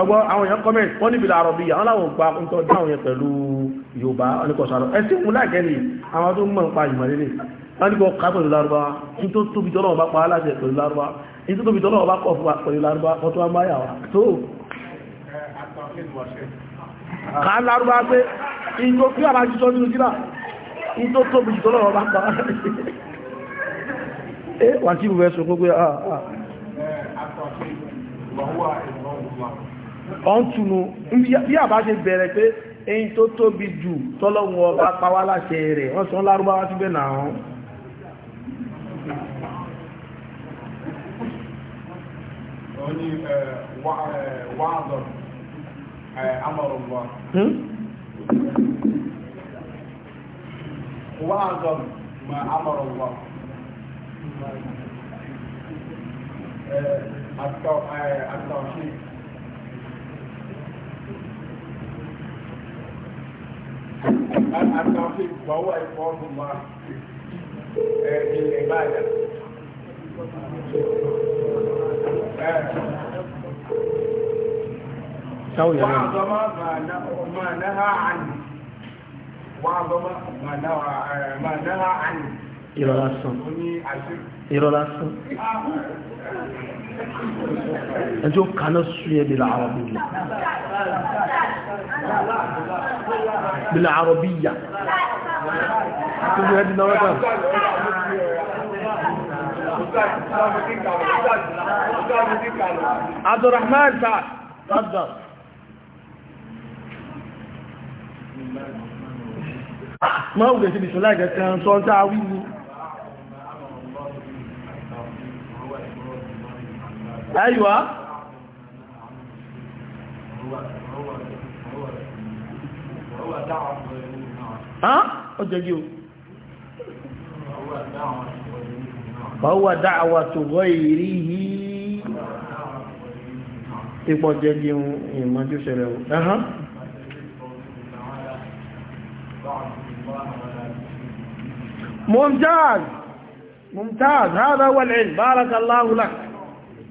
ọgbọ́n àwọn èèyàn comment wọ́n níbi làárọ̀ bí àwọn aláwọ̀ gba ń tọ́ dáhùn yẹn pẹ̀lú Yorùbá oníkọ̀sọ̀rọ̀ ẹ tí òun láìkẹ́ ni àwọn tó mọ̀ ń pa ìmọ̀ lélẹ̀ wọ́n ní kọ́ ká pẹ̀lú lárúbá ní tó tóbi tọ́lọ́wọ́ bá pa aláṣẹ pẹ̀lú lárúbá ní tó tóbi tọ́lọ́wọ́ bá kọ̀ fún pẹ̀lú lárúbá wọ́n tó wá máa yà wá tó ká lárúbá pé ìjọ kí àrà jíjọ nínú jíra ní tó tóbi tọ́lọ́wọ́ ọ̀ntúnu bí àbá ṣe bẹ̀rẹ̀ pé èyí tó tóbi jù tọ́lọ́run ọba pawá láṣẹ rẹ̀ wọ́n sọ lárúbáwá síbẹ̀ náà التوفيق فهو إفراد الله بالعبادة وأعظم ما نهى عنه وأعظم ما نهى ما نهى عنه Irọ́ lásán. Irọ́ lásán. Ẹjọ́ kaná sún ẹbí làwọn ọmọ ìlú bílẹ̀ àrọ̀bí ìyà tó bí ẹ̀dì náà wẹ́tà Abdurrahman Saad Abdul máa wùdẹ̀ sí ìṣọ́lá ìgẹ̀kẹ́ tó ń tàà فهو دعوة غيره ipò jẹbi ohun ممتاز ممتاز هذا هو العلم بارك الله لك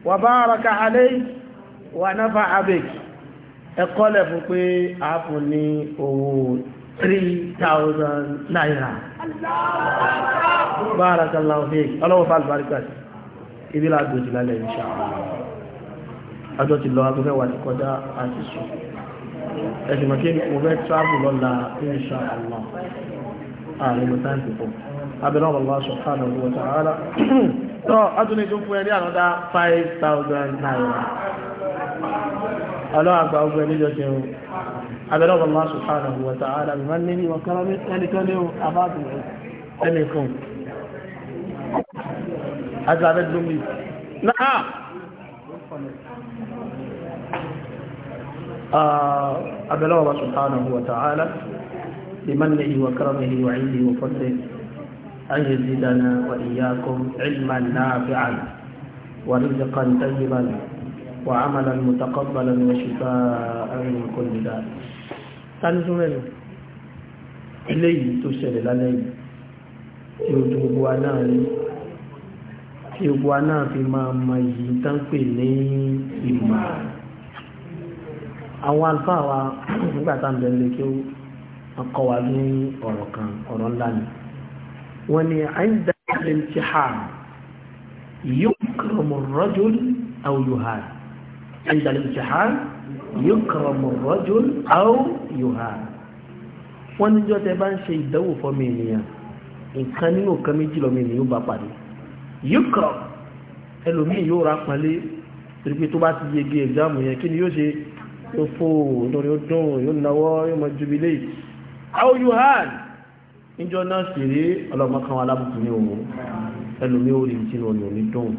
وبارك عليك ونفع بك ẹ̀kọ́ lẹ̀ fún pé àápù ní owó 3,000 náírà barakallahu fik ọlọ́wọ́ fà lùbáríkà sí ibi láàgbò jù lálẹ̀ insha Allah àjọ ti lọ agbẹ́wà ti kọjá àti sùn ẹ̀sìn mọ̀ kí mo fẹ́ travel lọ́la insha Allah ààrẹ mo táǹtì bọ̀ abẹ́rẹ́ Allah subhanahu wa ta'ala tọ́ adúlé tó fún ẹ ní ànádá 5,000 naira. ألا أبقى أبقى أبقى أبقى الله سبحانه وتعالى بمنه وكرمه أني كان له أباد أني كون هذا أبقى نعم أبقى الله سبحانه وتعالى بمنه وكرمه وعيده وفضله أن يزيدنا وإياكم علما نافعا ورزقا طيبا وعملا متقبلا وشفاء من كل داء tánítún rẹ̀ eléyìí tó ṣẹlẹ̀ lálẹ́ yìí tí ó tó gbogbo wa náà rí tí gbogbo wa náà fi máa ma yìí tán pè ní ìmọ̀ àwọn alfa wa ń bẹ̀rẹ̀ kí wọ́n kọ́ ní ọ̀rọ̀ kan ọ̀rọ̀ ńlá ni wọ́n ní àìdáhàlẹ̀ ti hà yóò kọ́ ọmọ rọ́jò àwòyò hàn عند الامتحان يكرم الرجل أو يهان wọ́n níjọ́ tẹ bá ń ṣe ìdánwò fọ́mí ènìyàn nǹkan nínú nǹkan méjì lọ́mọ ènìyàn bá pàdé yíkọ̀ ẹlòmí yóò ra pọ̀nlé pẹ̀lú tó bá ti yege ẹ̀gbáàmù yẹn kí ni yóò ṣe tó fò lórí ó dùn yóò náwọ́ yóò mọ jubilé how you had níjọ́ náà sì rí ọlọ́mọ alábùkún ní òun ẹlòmí ó rí tí ní òní dùn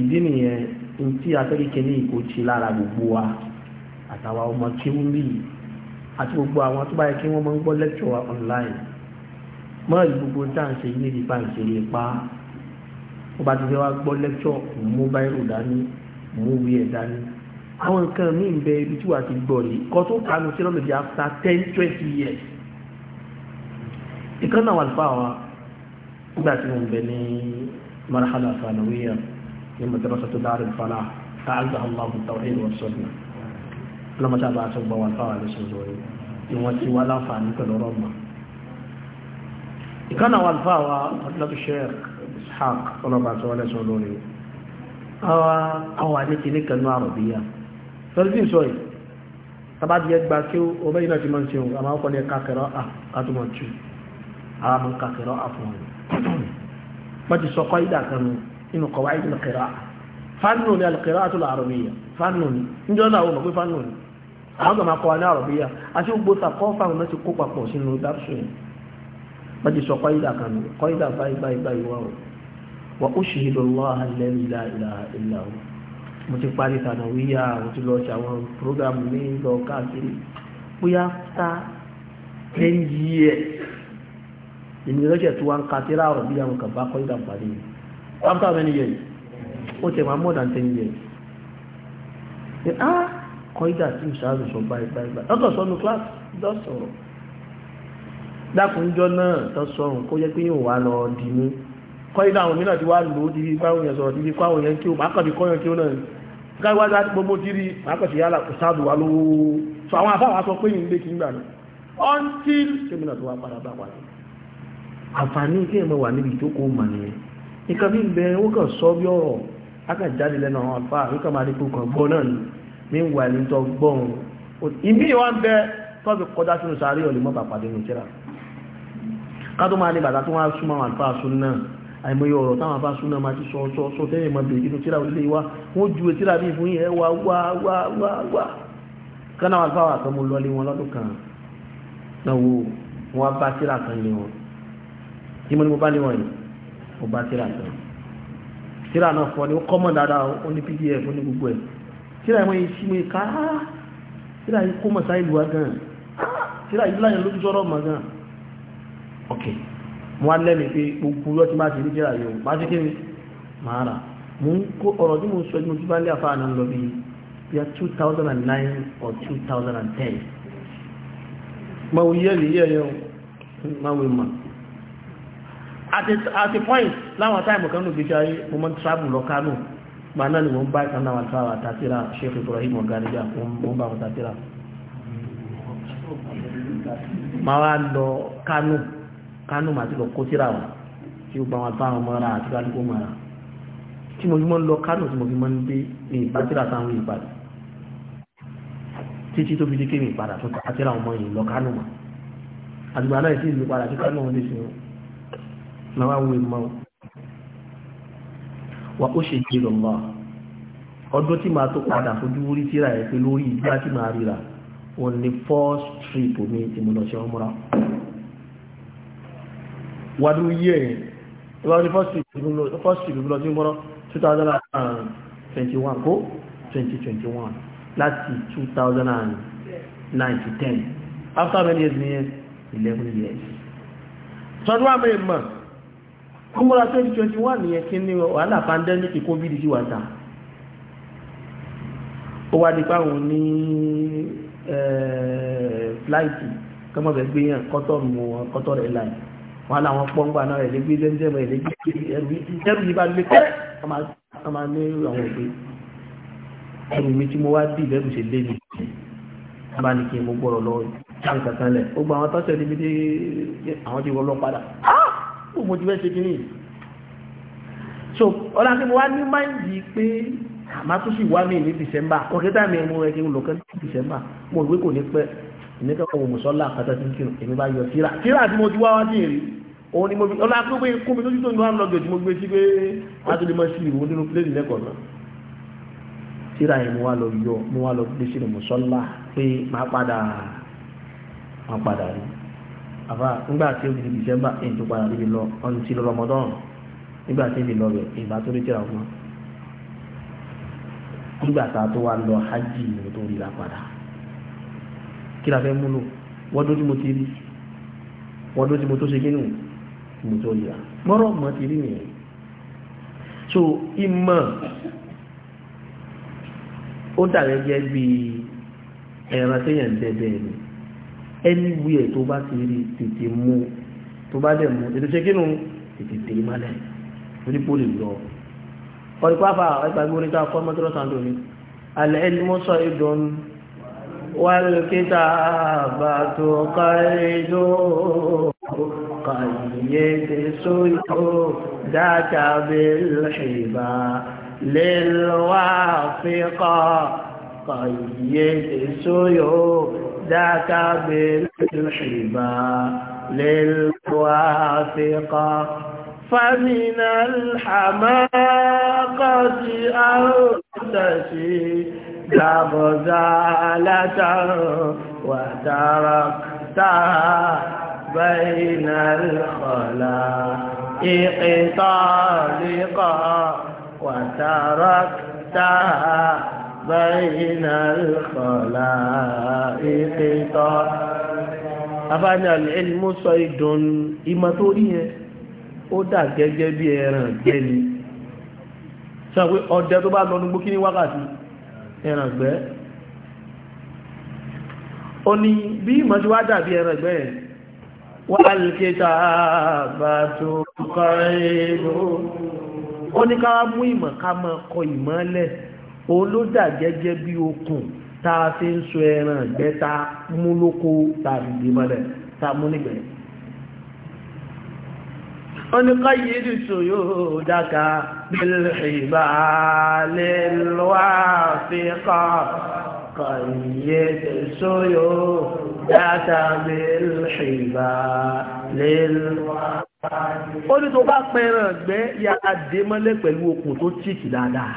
ìdí nìyẹn ntí afẹ́ríkẹ́ ní ìkó ti lára gbogbo wa àtàwọn ọmọ tí ó ń rí àti gbogbo àwọn tó bá yẹ kí wọ́n máa ń gbọ́ lẹ́kṣọ̀ online mọ́ọ̀lì gbogbo tá à ń ṣe yìí níbi bá ń ṣe lè pa wọ́n bá ti fẹ́ wá gbọ́ lẹ́kṣọ̀ mú báírò dání mú wí ẹ̀ dání àwọn nǹkan míì bẹ ibi tí wà á ti gbọ́ rí kọ́ tó kanu sí lọ́mọdé after ten twenty years ìkànnà wà lùfà wa nígbà tí mo ń bẹ ní marhala fanawiya ní madrasatu Darul Falah káàgbà Allahu tawhid wa sunna ọlọ́mọdé àbá àti ọgbà wà fáwọn àlẹ́sìn lórí ni wọ́n ti wá láǹfààní pẹ̀lú ọ̀rọ̀ mọ́. ìkànnà wà fáwọn ọ̀dọ́tù Sheikh Ishaq ọlọ́mọdé àti ọgbà àlẹ́sìn lórí àwọn àdékì ní kanú àrọ̀bíyà sọ́dún tí ń sọ yìí tàbá di ẹgbà kí o bẹ́yìn náà ti máa ń ṣe òun àmọ́ ọkọ̀lẹ̀ kàkẹ́rọ́ à kátùmọ̀ tù àwọn kàkẹ́rọ́ à fún wọn. wọ́n ti sọ kọ́ ìdà kan nù inu kọ̀wá na kẹrà fannu ní alùkẹrà àtúlọ̀ àrọ̀bíyà fánù ní níjọ́ náà wọ́n mọ̀ pé fánù ga àwọn kan máa kọ́ ní àrọ̀bíyà àti gbogbo sàkọ́ na náà ti kó papọ̀ sínú so yẹn wọ́n ji sọ o. ila mo ti mo ti lọ lọ ta ten years ń ka tẹ́lá àrọ̀bíyà wọn kàn bá kọ́ídà parí after many years ó tẹ̀ wá more than ten years ṣe ah kọ́ídà tí ìṣáàlù sọ báyìí báyìí báyìí lọ́tọ̀ sọ́nu class just sọ̀rọ̀ dákùnjọ́ náà tó sọ̀rùn kó jẹ́ pé yóò wá lọ dì mú kọ́ídà àwọn mìíràn ti wá lò ó dìbí báwọn yẹn sọ̀rọ̀ dìbí káwọn yẹn kí o máa kàn bí kọ́yàn kí o náà káwájá gbogbo dírí máa kàn sí yálà kò sáàdù wá lówó so àwọn afáwà sọ pé yìí ń lé kí ń gbà náà until ṣé mìíràn tó wá padà bá wà ní àǹfààní kí ẹ̀ mọ̀ wà níbi ìjókòó mọ̀ nǹkan bí bẹ ó kàn sọ bí ọ̀rọ̀ akàjáde lẹ́nu àwọn afá àríkà máa ní kókàn gbọ́ náà ni mi ń wà ní tọ́ gbọ́n ìbí wa ń bẹ tọ́bi kọjá sínú sáré ọ̀lẹ́ mọ́bà pàdé ní tíra ká tó máa ní bàtà tó wá súnmọ́ àwọn afá sún náà àìmọye ọ̀rọ̀ táwọn afá sún náà máa ti sọ sọ sọ tẹ́yìn mọ́ bèèrè nínú tíra orílẹ̀ wa wọ́n ju tíra bí fún yẹn wá wá wá wá wá kánà wà fáwọn ó bá tíra sọ tíra náà fọ ni ó kọ́ mọ̀ dáadáa ó ní pdf ó ní gbogbo ẹ̀ tíra ìwọ̀n yìí sí mi ká tíra yìí kó mọ̀ sáyé lùwà gan tíra yìí láyìn lójú ọ̀rọ̀ mọ̀ gan ok mo wá lẹ́mìí pé gbogbo ọjọ́ tí máa ti rí tíra yìí máa ti kéré máa rà mo ń kó ọ̀rọ̀ tí mo sọ ẹni mo ti bá ń lé àfáà náà lọ bíi bíi two or two thousand and ten máa wo yẹ́ẹ̀lì yẹ́ẹ̀yẹ́ máa wo ìmọ̀ àti point láwọn táìmù kan ló gbéjọ ayé mo mọ́ travel lọ Kánò ma náà ni mo ń bá ìkan náà àti àwọn àtàtìrà Sheikh Ibrahim Ọ̀gáníjà mo ń bá àwọn àtàtìrà ma wá lọ Kánò Kánò ma ti lọ kó síra wọn tí ó gba wọn bá wọn mọ́ra àti kálukú mọ́ra tí mo fi mọ́ ń lọ Kánò tí mo fi mọ́ ń dé ní ìbátìrà táwọn ìbàdàn títí tó fi dé kéwì ìpadà tó àtìrà ọmọ mọ́ na wá wé mọ́ wa ó ṣe kí lọ́mọ́ ọdún tí màá tó padà fojú orí tíra ẹ̀ pé lórí ìgbà tí màá ríra òun ni first trip mi tí mo lọ ṣe ọmọra wà ló yí ẹ̀yìn ìwà ní first trip mi lọ sí ọmọra 2021 kó 2021 láti 2009 to 10 after many years ni 11 years. sọdún àmì ìmọ̀ kúmúra 2021 nìyẹn kí ní wàhálà pandemic covid sí wàtà ó wá di páwọn ní eh, flighti kọ́mọ̀bẹ̀ gbé yàn kọ́tọ̀ mú wọn kọ́tọ̀ rẹ̀ láì wọ́n láwọn pọ́ngbà náà ẹ̀lẹ́ gbé lẹ́ńdẹ̀mọ̀ ẹ̀lẹ́ gbé ẹrù yìí bá lé pẹ́ ọmọ ní àwọn òfin ẹrù mi tí mo wá dì lẹ́rù ṣe lé mi bá ní kí n mo mo ti fẹ́ ṣe kìíní so ọlá tí mo wá ní máìndì pé àmá tó sì wá mí ní December kọ̀kẹ́tà mi mo ẹ̀kí lò kẹ́ ní December mo ìwé kò ní pẹ́ ìníkẹ́kọ̀ọ́ wò mùsọ́lá àkàtà tí ń kírun èmi bá yọ tíra tíra tí mo ti wá wá sí èrè òun ni mo fi ọlá pé kó mi lójú tó ń lọ lọ́jọ́ tí mo gbé sí pé adúlémọ́ sí ìwò nínú pléèdì lẹ́kọ̀ọ́ náà tíra yẹn mo wá lọ yọ mo wá lọ gbé sínú mùsọ́lá pé máa padà máa padà rí àbá nígbà tí ó di dìsẹ́mbà èyí tó padà níbi lọ ọ̀nà tí lọ Ramadan nígbà tí èdè lọ rẹ̀ ìgbà tó rí tíra fún nígbà tá a tó wá lọ hajj ìlú tó rí la padà kí la fẹ́ múlò wọ́dún tí mo ti rí wọ́dún tí mo tó ṣe kí nù mo tó rí la mọ́rọ̀ mọ́ ti rí nìyẹn so ìmọ̀ ó dàgẹ́gẹ́ bíi ẹran téèyàn dẹ́dẹ́ ni anywhere tó bá ti rí tètè mú tó bá dẹ̀ mú tètè ṣe kínú tètè tè mọ́lẹ̀ onípò lè lọ. ọ̀rẹ́ pápá ẹgbàgbé oníta kọ́ mọ́tòrọ́ sàndó ni alẹ́ ẹni mọ́ sọ ìdùn wàlùkítà àbàtò káyéjò kàyéjì sóyò dákàbí lẹ́yìnbá lẹ́lọ́wà fíkọ́ kàyéjì sóyò. ذاك بالحبا للوافقة فمن الحماقة أن لغزالة وتركتها بين الخلائق طالقة وتركتها بين الخلائق abáni العلم صيد ìmọ̀ tó rí yẹn ó dà gẹ́gẹ́ bí ẹran gbẹ́ ni ṣàwé ọdẹ tó bá lọ ní gbókí ní wákàtí ẹran gbẹ́ ó ní bí ìmọ̀ tí wá dàbí ẹran gbẹ́ yẹn wal-kitābatu qarīb ó ní ká mú ìmọ̀ ká mọ́ kọ ìmọ̀ lẹ́ẹ̀ òun ló dà gẹ́gẹ́ bí okùn tá a fi ń so ẹran ìgbẹ́ tá a mú lóko tá a fi dè mọ́lẹ̀ tá a mú nígbẹ̀ẹ́. wọ́n ní káyé ní sòyó dáka bílíìbá lè lọ́wọ́ àfikà káyé ní sòyó dáka bílíìbá gbẹ́ yá a mọ́lẹ̀ pẹ̀lú okùn tó tíìkì dáadáa.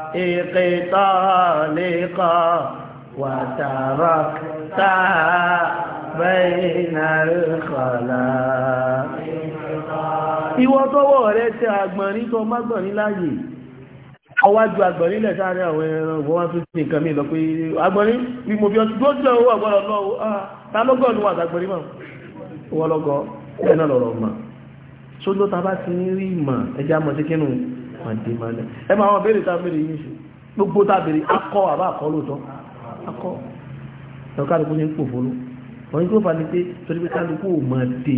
إقيت طالقا وتركتها بين الخلاء ìwọ tọwọ́ rẹ̀ tẹ àgbọ̀nrín tó mágbọ̀nrín ọwájú àgbọ̀nrín lẹ̀ sáré àwọn ẹran wọ́n tún sí nǹkan mìí lọ pé àgbọ̀nrín bí mo bí ọtí tó jẹ́ owó àgbọ̀rọ̀ lọ́wọ́ tálọ́gọ́ ní wà àgbọ̀nrín mọ̀ wọ́lọ́gọ́ ẹ̀nà lọ̀rọ̀ mọ̀ sójó pàdé máa lẹ́ ẹ máa wọn béèrè tábìlì yìí ṣe gbogbo tábìlì akọ àbá akọ lóòótọ́ akọ ẹ̀rọ kálukú ní pò fóló wọ́n tó fà ní pé torí pé kálukú ò máa dé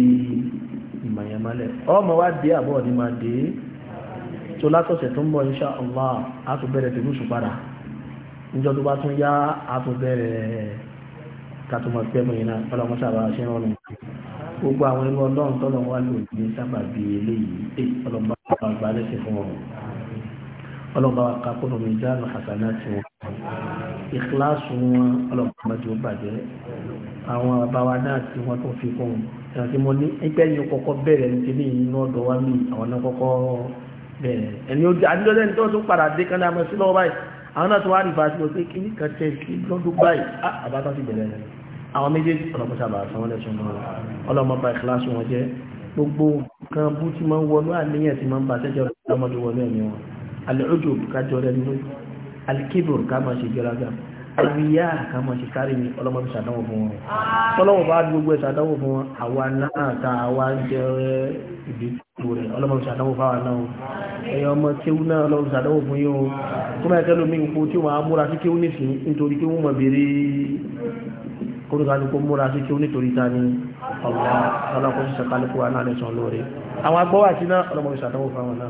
ìmọ̀yàmálẹ̀ ọmọ wa dé àbọ̀ ni máa dé tó látọ̀sẹ̀ tó ń bọ̀ insha Allah á tún bẹ̀rẹ̀ tèmi sùn padà níjọ́ tó bá tún yá á tún bẹ̀rẹ̀ kàtùmọ̀ pẹ́mọ̀ yìí náà ọlọ́mọṣàbà ṣe ń rọrùn gbogbo àwọn ẹgbẹ́ ọlọ́run tọ́lọ́ wá lò ní sábàbí eléyìí ọlọ́mọ àgbà lẹ́sẹ̀ fún ọ̀run ọlọ́ba wa kakó lómi jáàlù hasana ti wọ́n ìkíláàsù wọn ọlọ́ba tí ó bàjẹ́ àwọn àbáwa náà tí wọ́n tó fi kún un ìyá tí mo ní ẹgbẹ́ yìí kọ́kọ́ bẹ̀rẹ̀ ní tèmi yìí ní ọ̀dọ̀ wa mi àwọn náà kọ́kọ́ bẹ̀rẹ̀ ẹni ojú adúlọ́lẹ́ ní tó tún padà dé kan náà mọ̀ sí lọ́wọ́ báyìí àwọn náà tó wá rìbá sí pé kí gbogbo kan bú tí máa ń wọnú àníyàn tí máa ń bá tẹ́jọ́ ọmọdé wọnú ẹ̀mí wọn al'ujub kájọ rẹ̀ nínú alkibur ká máa ṣe gẹ́rágá àríyá ká máa ṣe kárí ní ọlọ́mọdé ṣàdánwò fún wọn tọ́lọ́wọ́ bá gbogbo ẹ̀ ṣàdánwò fún wọn àwa náà ta àwa ń jẹ́ ìbí tó rẹ̀ ọlọ́mọdé ṣàdánwò fáwa náà ẹ̀yọ ọmọ kéwú náà ọlọ́mọdé ṣàdánwò fún yín o tó máa tẹ́lọ mi kó tí wọ́n á múra sí kéwú nìsín nítorí kéwú mọ̀ bèrè kórókálukó múra sí kéwú nítorí ọlọ́mọdé ṣàdánwò fáwọn náà